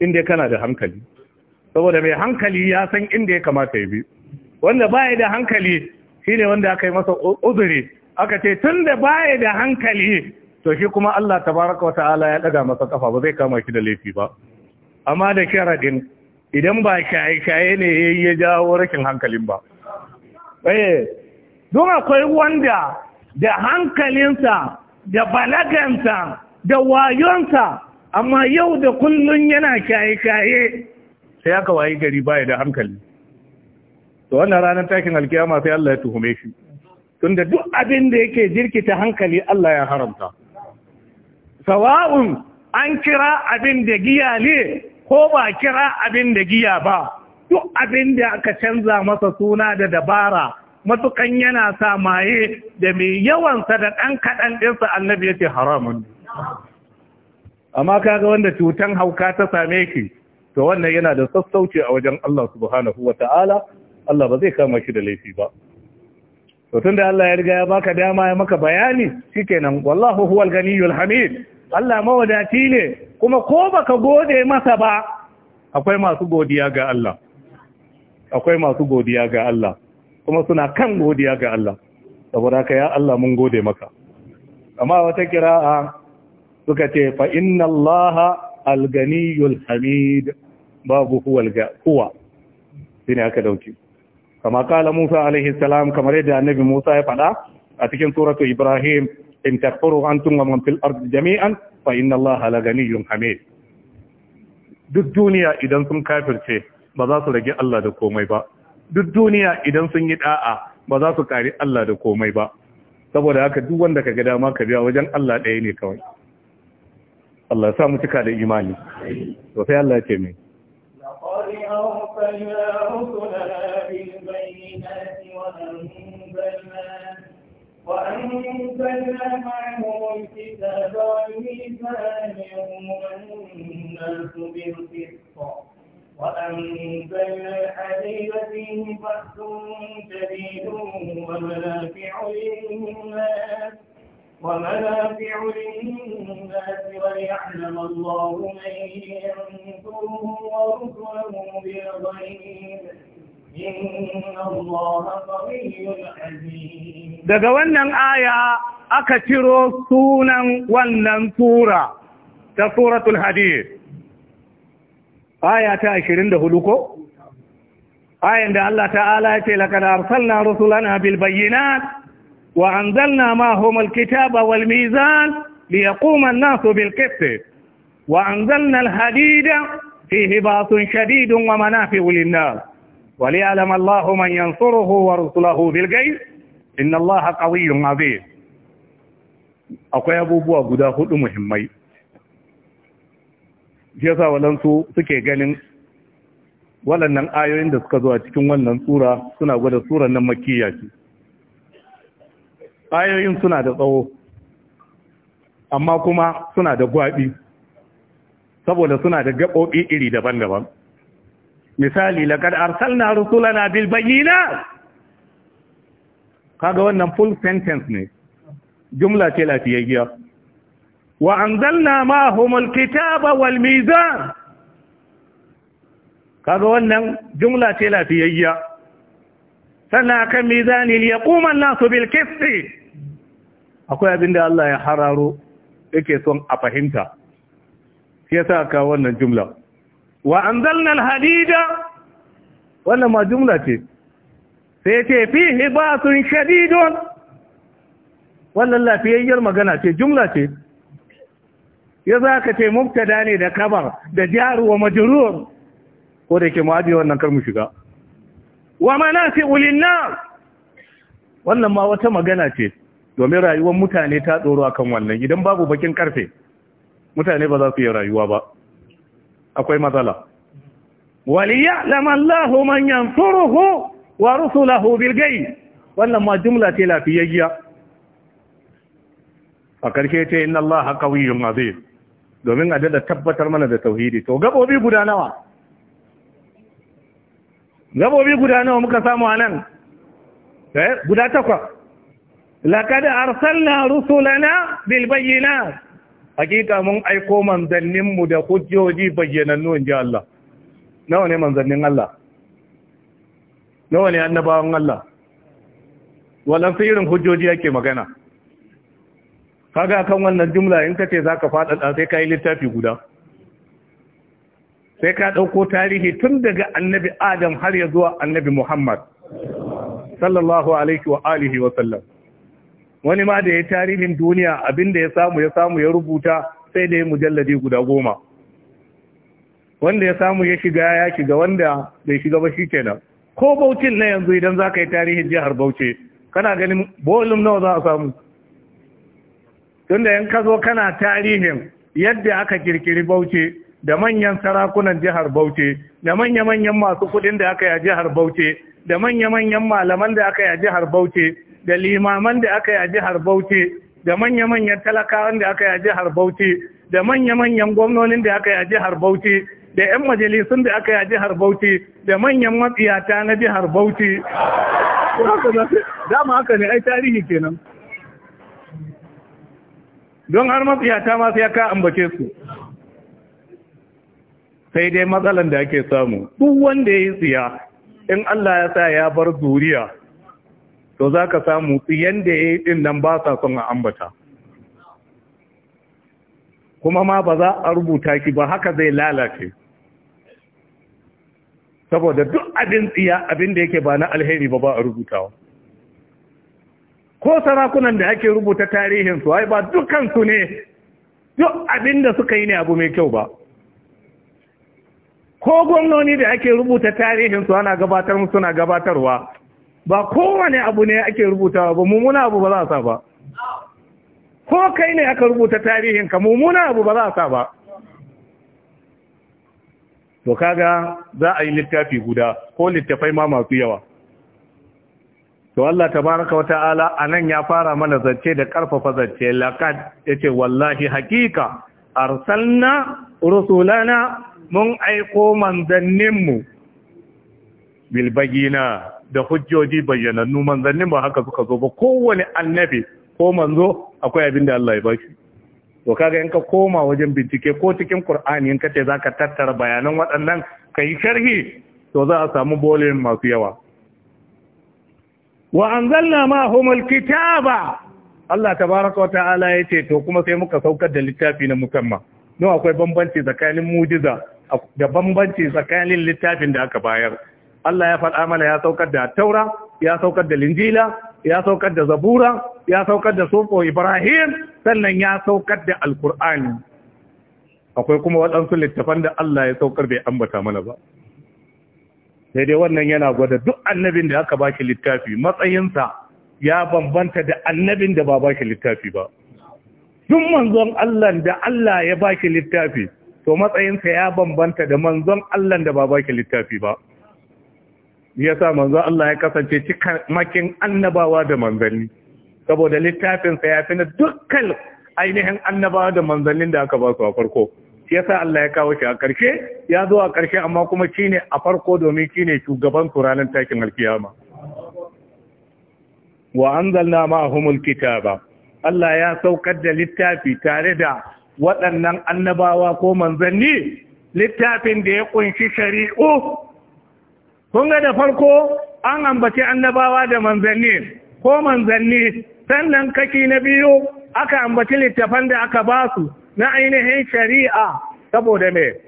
inda kana da hankali saboda mai hankali ya san inda ya kamata ya bi wanda baya da hankali shine wanda aka yi masa uzuri aka ce tun da baya da hankali to shi kuma Allah tabaraka wa ta'ala ya daga masa kafa ba zai kama shi da laifi ba amma da sharaɗin idan ba shaye-shaye ne ya jawo rashin hankalin ba eh don akwai wanda da hankalinsa da balagansa da wayonsa amma yau da kullum yana shaye-shaye sai aka wayi gari baya da hankali to wannan ranar takin alkiyama sai Allah ya tuhume shi tunda duk abin da yake jirkita hankali Allah ya haramta sawa'un an kira abin da giya ne ko ba kira abin da giya ba duk abin da aka canza masa suna da dabara matukan yana sa maye da mai yawansa da ɗan kaɗan ɗinsa annabi ya ce haramun amma kaga wanda cutan hauka ta same ki to wannan yana da sassauci a wajen Allah subhanahu wa ta'ala Allah ba zai kama shi da laifi ba to da Allah ya riga ya baka dama ya maka bayani shikenan wallahu huwal ganiyul hamid Allah mawadaci ne kuma ko baka gode masa ba akwai masu godiya ga Allah akwai masu godiya ga Allah kuma suna kan godiya ga Allah saboda ka ya Allah mun gode maka amma wata kira'a suka ce fa inna Allah al-ganiyul hamid babu huwa huwa aka dauki kama kala Musa alaihi salam kamar yadda annabi Musa ya faɗa a cikin suratu Ibrahim in takfuru antum wa man fil ardi jami'an fa inna allaha hamid duk duniya idan sun kafirce ba za su rage Allah da komai ba duk duniya idan sun yi da'a ba za su kari Allah da komai ba saboda haka duk wanda ga dama ka biya wajen Allah ɗaya ne kawai Allah sa mu cika da imani to sai Allah ya ce mai وأنزلنا معه الكتاب والميزان يوم الناس بالقسط وأنزلنا الحديد فيه بأس شديد ومنافع للناس ومنافع للناس وليعلم الله من ينصره ورسله بالغيب Daga wannan aya aka ciro sunan wannan tura ta suratul hadid. Aya ta 24 ko? Ayan da Allah ta'ala ya ce, "Laka arsalna rusulana bil bayyinat wa anzalna ma huma al kitaba wal mizan li yaquma an-nasu bil qist wa anzalna al-hadida fihi ba'sun shadidun wa manafi'un lin-nas." وليعلم الله من ينصره ورسله بالغيب إن الله قوي عظيم akwai abubuwa guda hudu muhimmai shi yasa suke ganin waɗannan ayoyin da suka zo cikin wannan tsura suna gwada tsuran nan makiya ce ayoyin suna da tsawo amma kuma suna da gwaɓi saboda suna da gaɓoɓi iri daban-daban misali laqad arsalna rusulana bil bayyinat kaga wannan full sentence ne jumla ce lafiyayya wa anzalna ma'ahum alkitaba wal mizan kaga wannan jumla ce lafiyayya sannan akan mizani liyaquma an-nasu bil qisti akwai abinda Allah ya hararo yake son a fahimta shi sa ka wannan jumla wa anzalna hadida wannan ma jumla ce sai ce fihi ba'sun shadidun wannan lafiyayyar magana ce jumla ce ya za ka ce mubtada ne da kabar da jaru wa majrur ko da ke ma'adi wannan kar mu shiga wa manasi ulinna wannan ma wata magana ce domin rayuwar mutane ta tsoro akan wannan idan babu bakin karfe mutane ba za su yi rayuwa ba akwai matsala waliya lamallahu man yansuruhu wa rusulahu bil ghaib wannan ma jumla ce lafiyayya a karshe ce inna allaha qawiyyun azim domin a dada tabbatar mana da tauhidi to gabobi guda nawa gabobi guda nawa muka samu a nan eh, guda takwa laqad arsalna rusulana bil bayyinat hakika mun aiko manzanninmu da hujjoji bayyanannu in ji Allah nawa ne manzannin Allah nawa ne annabawan Allah waɗansu irin hujjoji yake magana kaga kan wannan jumla in ka ce za ka faɗaɗa sai ka yi littafi guda sai ka ɗauko tarihi tun daga annabi adam har ya zuwa annabi muhammad sallallahu alaihi wa alihi wa sallam wani ma da ya tarihin duniya abin da ya samu ya samu ya rubuta sai da ya mujalladi guda goma wanda ya samu ya shiga ya shiga wanda bai shiga ba shi kenan ko baucin na yanzu idan za ka yi tarihin jihar bauchi kana ganin bolin nawa za a samu tunda yan ka zo kana tarihin yadda aka kirkiri bauchi da manyan sarakunan jihar bauchi da manya-manyan masu kudin da aka yi a jihar bauchi da manya-manyan malaman da aka yi a jihar bauchi da limaman da aka yi a jihar Bauchi da manya-manyan talakawan da aka yi a jihar Bauchi da manya-manyan gwamnonin da aka yi a jihar Bauchi da 'yan majalisun da aka yi a jihar Bauchi da manyan matsiyata na jihar Bauchi dama haka ne ai tarihi kenan don har matsiyata ma sai ka ambace su sai dai matsalan da ake samu duk wanda ya yi tsiya in Allah ya sa ya bar zuriya to za ka samu tsiyan da ya yi ɗin nan ba sa son a ambata kuma ma ba za a rubuta ki ba haka zai lalace saboda duk abin tsiya abin da yake ba na alheri ba ba a rubutawa ko sarakunan da ake rubuta tarihin su ai ba dukansu ne duk abin da suka yi ne abu mai kyau ba ko gwamnoni da ake rubuta tarihin su ana gabatar musu na gabatarwa ba kowane abu ne ake rubutawa ba mummuna abu ba za a sa ba ko kai ne aka rubuta tarihinka mummuna abu ba za a sa ba to kaga za a yi littafi guda ko littafai ma masu yawa to Allah tabaraka wa ta'ala nan ya fara mana zance da karfafa zance laqad yace wallahi hakika arsalna rusulana mun aiko manzanninmu bil bagina da hujjoji bayyanannu manzannin ba haka suka zo ba kowane annabi ko manzo akwai abin da Allah ya shi. to kaga in ka koma wajen bincike ko cikin Qur'ani in ka ce zaka tattara bayanan waɗannan kai sharhi to za a samu bolin masu yawa wa anzalna humul kitaba Allah tabaraka ya ce, to kuma sai muka saukar da littafi na musamman don akwai bambanci tsakanin mujiza da bambanci tsakanin littafin da aka bayar Allah ya faɗa mana ya saukar da taura ya saukar da linjila ya saukar da zabura ya saukar da sofo ibrahim sannan ya saukar da alkur'ani akwai kuma waɗansu littafan da Allah ya saukar bai ambata mana ba sai dai wannan yana gwada duk annabin da aka shi littafi matsayinsa ya bambanta da annabin da ba ba shi littafi ba duk manzon Allah da Allah ya ba shi littafi to matsayinsa ya bambanta da manzon Allah da ba ba shi littafi ba yasa manzo Allah ya kasance cikin makin annabawa da manzanni saboda littafinsa ya fi na dukkan ainihin annabawa da manzannin da aka ba su a farko shi yasa Allah ya kawo shi a ƙarshe ya zo a ƙarshe amma kuma shine a farko domin shine shugaban su ranar takin alkiyama wa anzalna ma'ahumul kitaba Allah ya saukar da littafi tare da waɗannan annabawa ko manzanni littafin da ya kunshi shari'u kun ga da farko an ambaci annabawa da manzanni ko manzanni sannan kaki na biyu aka ambaci littafan da aka ba su na ainihin shari'a saboda me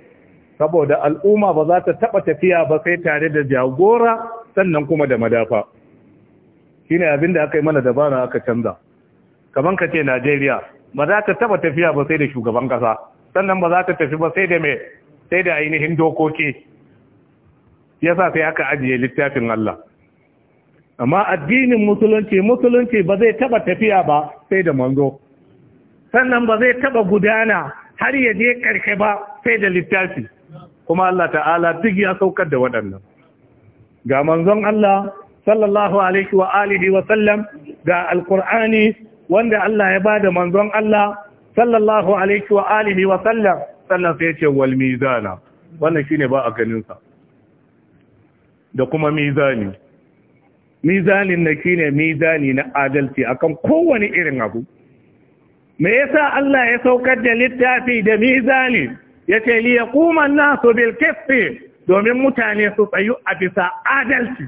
saboda al'umma ba za ta taba tafiya ba sai tare da jagora sannan kuma da madafa shine abinda aka yi mana dabara aka canza kaman ka ce Najeriya ba za ta taba tafiya ba sai da shugaban kasa sannan ba za ta tafi ba sai da me sai da ainihin dokoki sa sai aka ajiye littafin Allah amma addinin musulunci musulunci ba zai taba tafiya ba sai da manzo sannan ba zai taba gudana har ya je karshe ba sai da littafi kuma Allah ta'ala duk ya saukar da waɗannan ga manzon Allah sallallahu alaihi wa alihi wa sallam ga alqur'ani wanda Allah ya bada manzon Allah sallallahu alaihi wa alihi wa sallam sannan sai ce wal mizana wannan shine ba a ganinsa. da kuma mizani mizanin na ne mizani na adalci akan kowane irin abu me yasa Allah ya saukar da littafi da mizani ce li ya kuma nasu bil domin mutane su tsayu a bisa adalci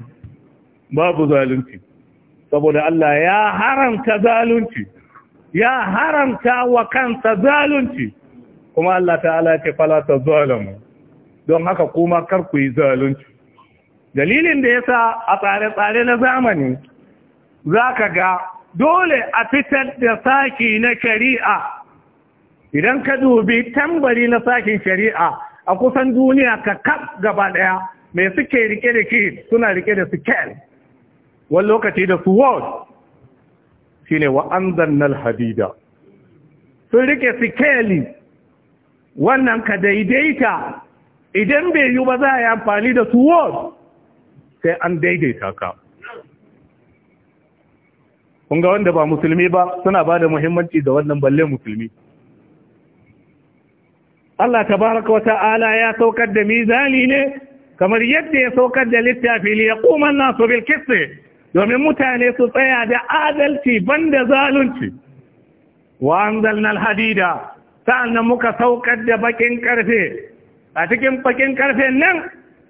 babu zalunci saboda Allah ya haramta zalunci ya haramta wa kansa zalunci kuma Allah ta'ala ya ce fala tazalamu don haka kuma kar ku yi zalunci dalilin da yasa a tsare-tsare na zamani za ka ga dole a fitar da saki na shari'a idan ka dubi tambari na sakin shari'a a kusan duniya ka kaf gaba daya mai suke rike da ke suna rike da scale wani lokaci da su wot shine wa anzannal hadida sun rike sikeli wannan ka daidaita idan bai yi ba za a yi amfani da su wot. sai an daidaita ka kunga wanda ba musulmi ba suna ba da muhimmanci ga wannan balle musulmi Allah tabaraka wa ta'ala ya saukar da mizani ne kamar yadda ya saukar da littafi ne ya an-nasu bilkisse domin mutane su tsaya da adalci banda zalunci wa an zalnal hadida muka saukar da bakin karfe a cikin bakin karfe nan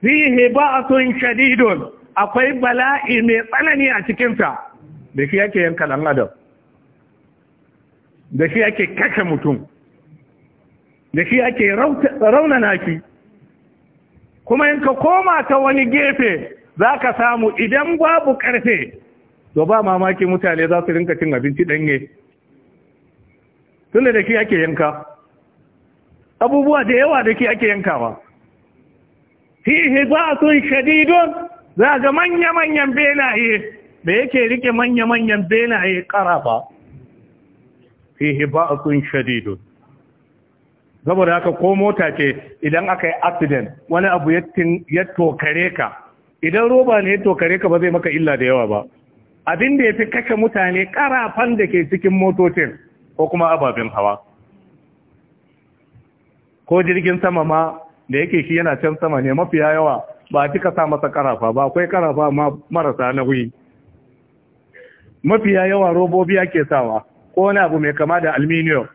fihi ba'sun shadidun akwai bala'i mai tsanani a cikinsa. sa da shi yake yanka dan adam da shi yake kashe mutum da shi yake raunana shi kuma in ka koma ta wani gefe za ka samu idan babu ƙarfe. to ba mamaki mutane za su rinka cin abinci danye tunda da shi ake yanka abubuwa da yawa da shi ake yankawa fihi batun shadidun za ga manya-manyan benaye da yake rike manya-manyan benaye karaba fihi batun shadidun saboda haka ko mota ce idan aka yi accident wani abu ya tokare ka idan roba ne ya tokare ka ba zai maka illa da yawa ba abin da ya fi kashe mutane karafan da ke cikin motocin ko kuma ababen hawa ko jirgin sama ma da yake shi yana can sama ne mafiya yawa ba a cika sa masa karafa ba akwai karafa marasa na nauyi mafiya yawa robobi ake sawa ko wani abu mai kama da aluminium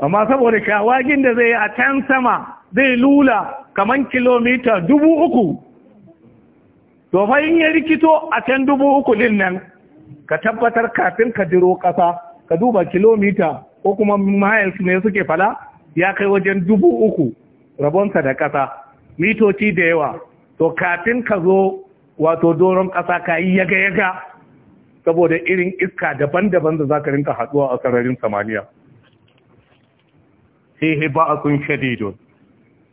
amma saboda kawagin da zai a can sama zai lula kamar kilomita dubu uku to fa in ya rikito a can dubu uku din nan ka tabbatar kafin ka jiro kasa ka duba kilomita ko kuma miles ne suke fala ya kai wajen dubu uku rabonsa da ƙasa mitoci da yawa to kafin ka zo wato doron ƙasa ka yi yaga-yaga saboda irin iska daban-daban da za ka rinka haɗuwa a sararin samaniya fihi ba'asun ba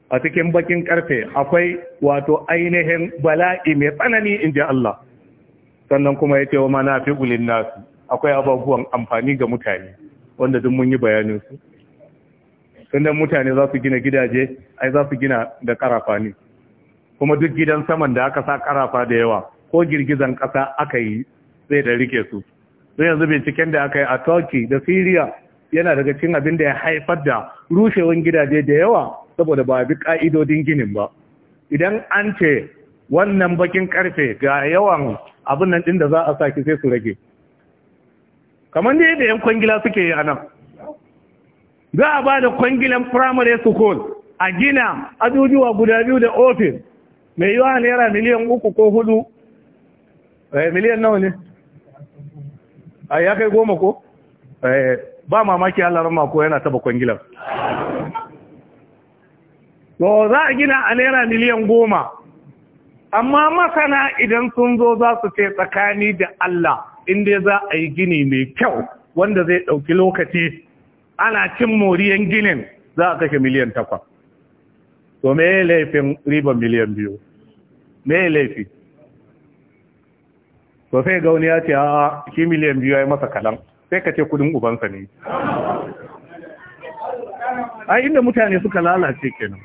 a cikin bakin karfe akwai wato ainihin bala'i mai tsanani in ji Allah sannan kuma ya ce wa mana ulin nasu. akwai abubuwan amfani ga mutane wanda duk mun yi bayaninsu. inda mutane za su gina gidaje ai za su gina da karafa ne kuma duk gidan saman da aka sa karafa da yawa ko girgizan kasa aka yi zai da rike su sai yanzu binciken da aka yi a turkey da syria yana daga cikin abin da ya haifar da rushewan gidaje da yawa saboda ba bi ka'idodin ginin ba idan an ce wannan bakin karfe ga yawan abin nan din da za a saki sai su rage kamar dai da yan kwangila suke yi a nan za a ba da kwangilan primary school a gina ajujuwa guda biyu da ofis mai yiwa naira miliyan uku ko hudu eh, miliyan nawa ne a eh, ya kai goma ko eh, ba mamaki allah mako yana taba kwangilan Ba za a gina a naira miliyan goma amma masana idan sun zo za su ce tsakani da allah inda za a yi gini mai kyau wanda zai ɗauki lokaci ana cin moriyan ginin za a kashe miliyan takwa to me laifin ribar miliyan biyu me laifi to sai ga ya ce a shi miliyan biyu ya yi masa kalan sai ka ce kudin ubansa ne a inda mutane suka lalace kenan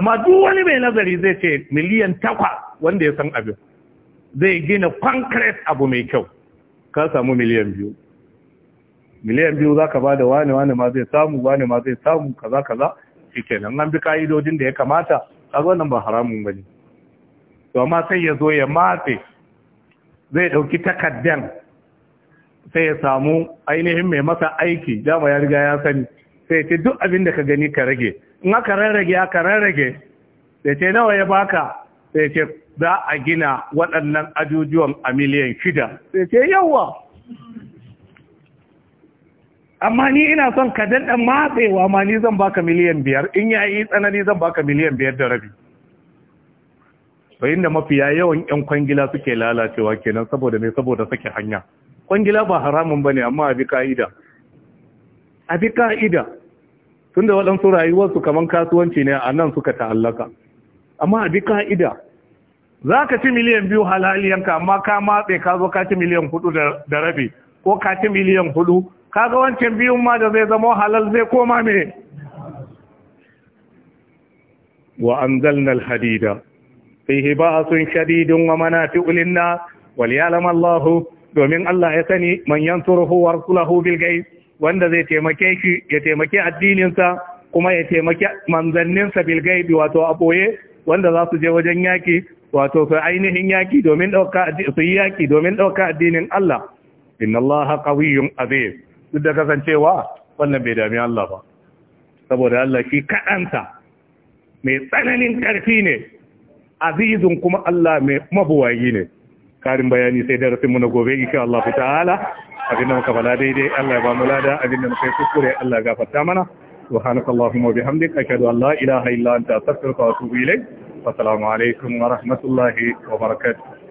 amma duk wani mai nazari zai ce miliyan takwa wanda ya san abin zai gina concrete abu mai kyau ka samu miliyan biyu miliyan biyu za ka ba da wane wane ma zai samu wane ma zai samu kaza kaza shi ke an bi ka'idodin da ya kamata kaga nan ba haramun ba ne to amma sai ya zo ya matse zai ɗauki takardar sai ya samu ainihin mai masa aiki dama ya riga ya sani sai ce duk abin da ka gani ka rage in aka rarrage aka rarrage sai ce nawa ya baka sai ce za a gina waɗannan ajujuwan a miliyan shida sai ce yawa amma ni ina son ka daɗa matsewa ma ni zan baka miliyan biyar in ya yi tsanani zan baka miliyan biyar da rabi to da mafiya yawan yan kwangila suke lalacewa kenan saboda mai saboda sake hanya kwangila ba haramun ba ne amma abi ka'ida abi ka'ida da waɗansu rayuwarsu kamar kasuwanci ne a nan suka ta'allaka amma abi ka'ida za ka ci miliyan biyu halaliyanka amma ka matse ka zo ka ci miliyan hudu da rabi ko ka ci miliyan hudu kaga wancan biyun ma da zai zama halal zai koma me wa anzalna alhadida fihi ba'sun shadidun wa manafi'u lin-nas wal Allah domin Allah ya sani man yansuruhu wa rasuluhu bil ghaib wanda zai taimake shi ya taimake addinin sa kuma ya taimake manzannin sa bil ghaib wato aboye wanda za su je wajen yaki wato su ainihin yaki domin dauka su yaki domin dauka addinin Allah inna Allah qawiyyun azim duk da kasancewa wannan bai dami Allah ba saboda Allah shi kaɗansa mai tsananin ƙarfi ne azizun kuma Allah mai mabuwayi ne karin bayani sai darasinmu na gobe insha Allah ta'ala abinda muka bala daidai Allah ya ba mu lada abinda muka yi kuskure Allah ya gafarta mana subhanakallahumma wa bihamdika ashhadu an la ilaha illa anta astaghfiruka wa atubu ilayk wa assalamu alaikum wa rahmatullahi wa barakatuh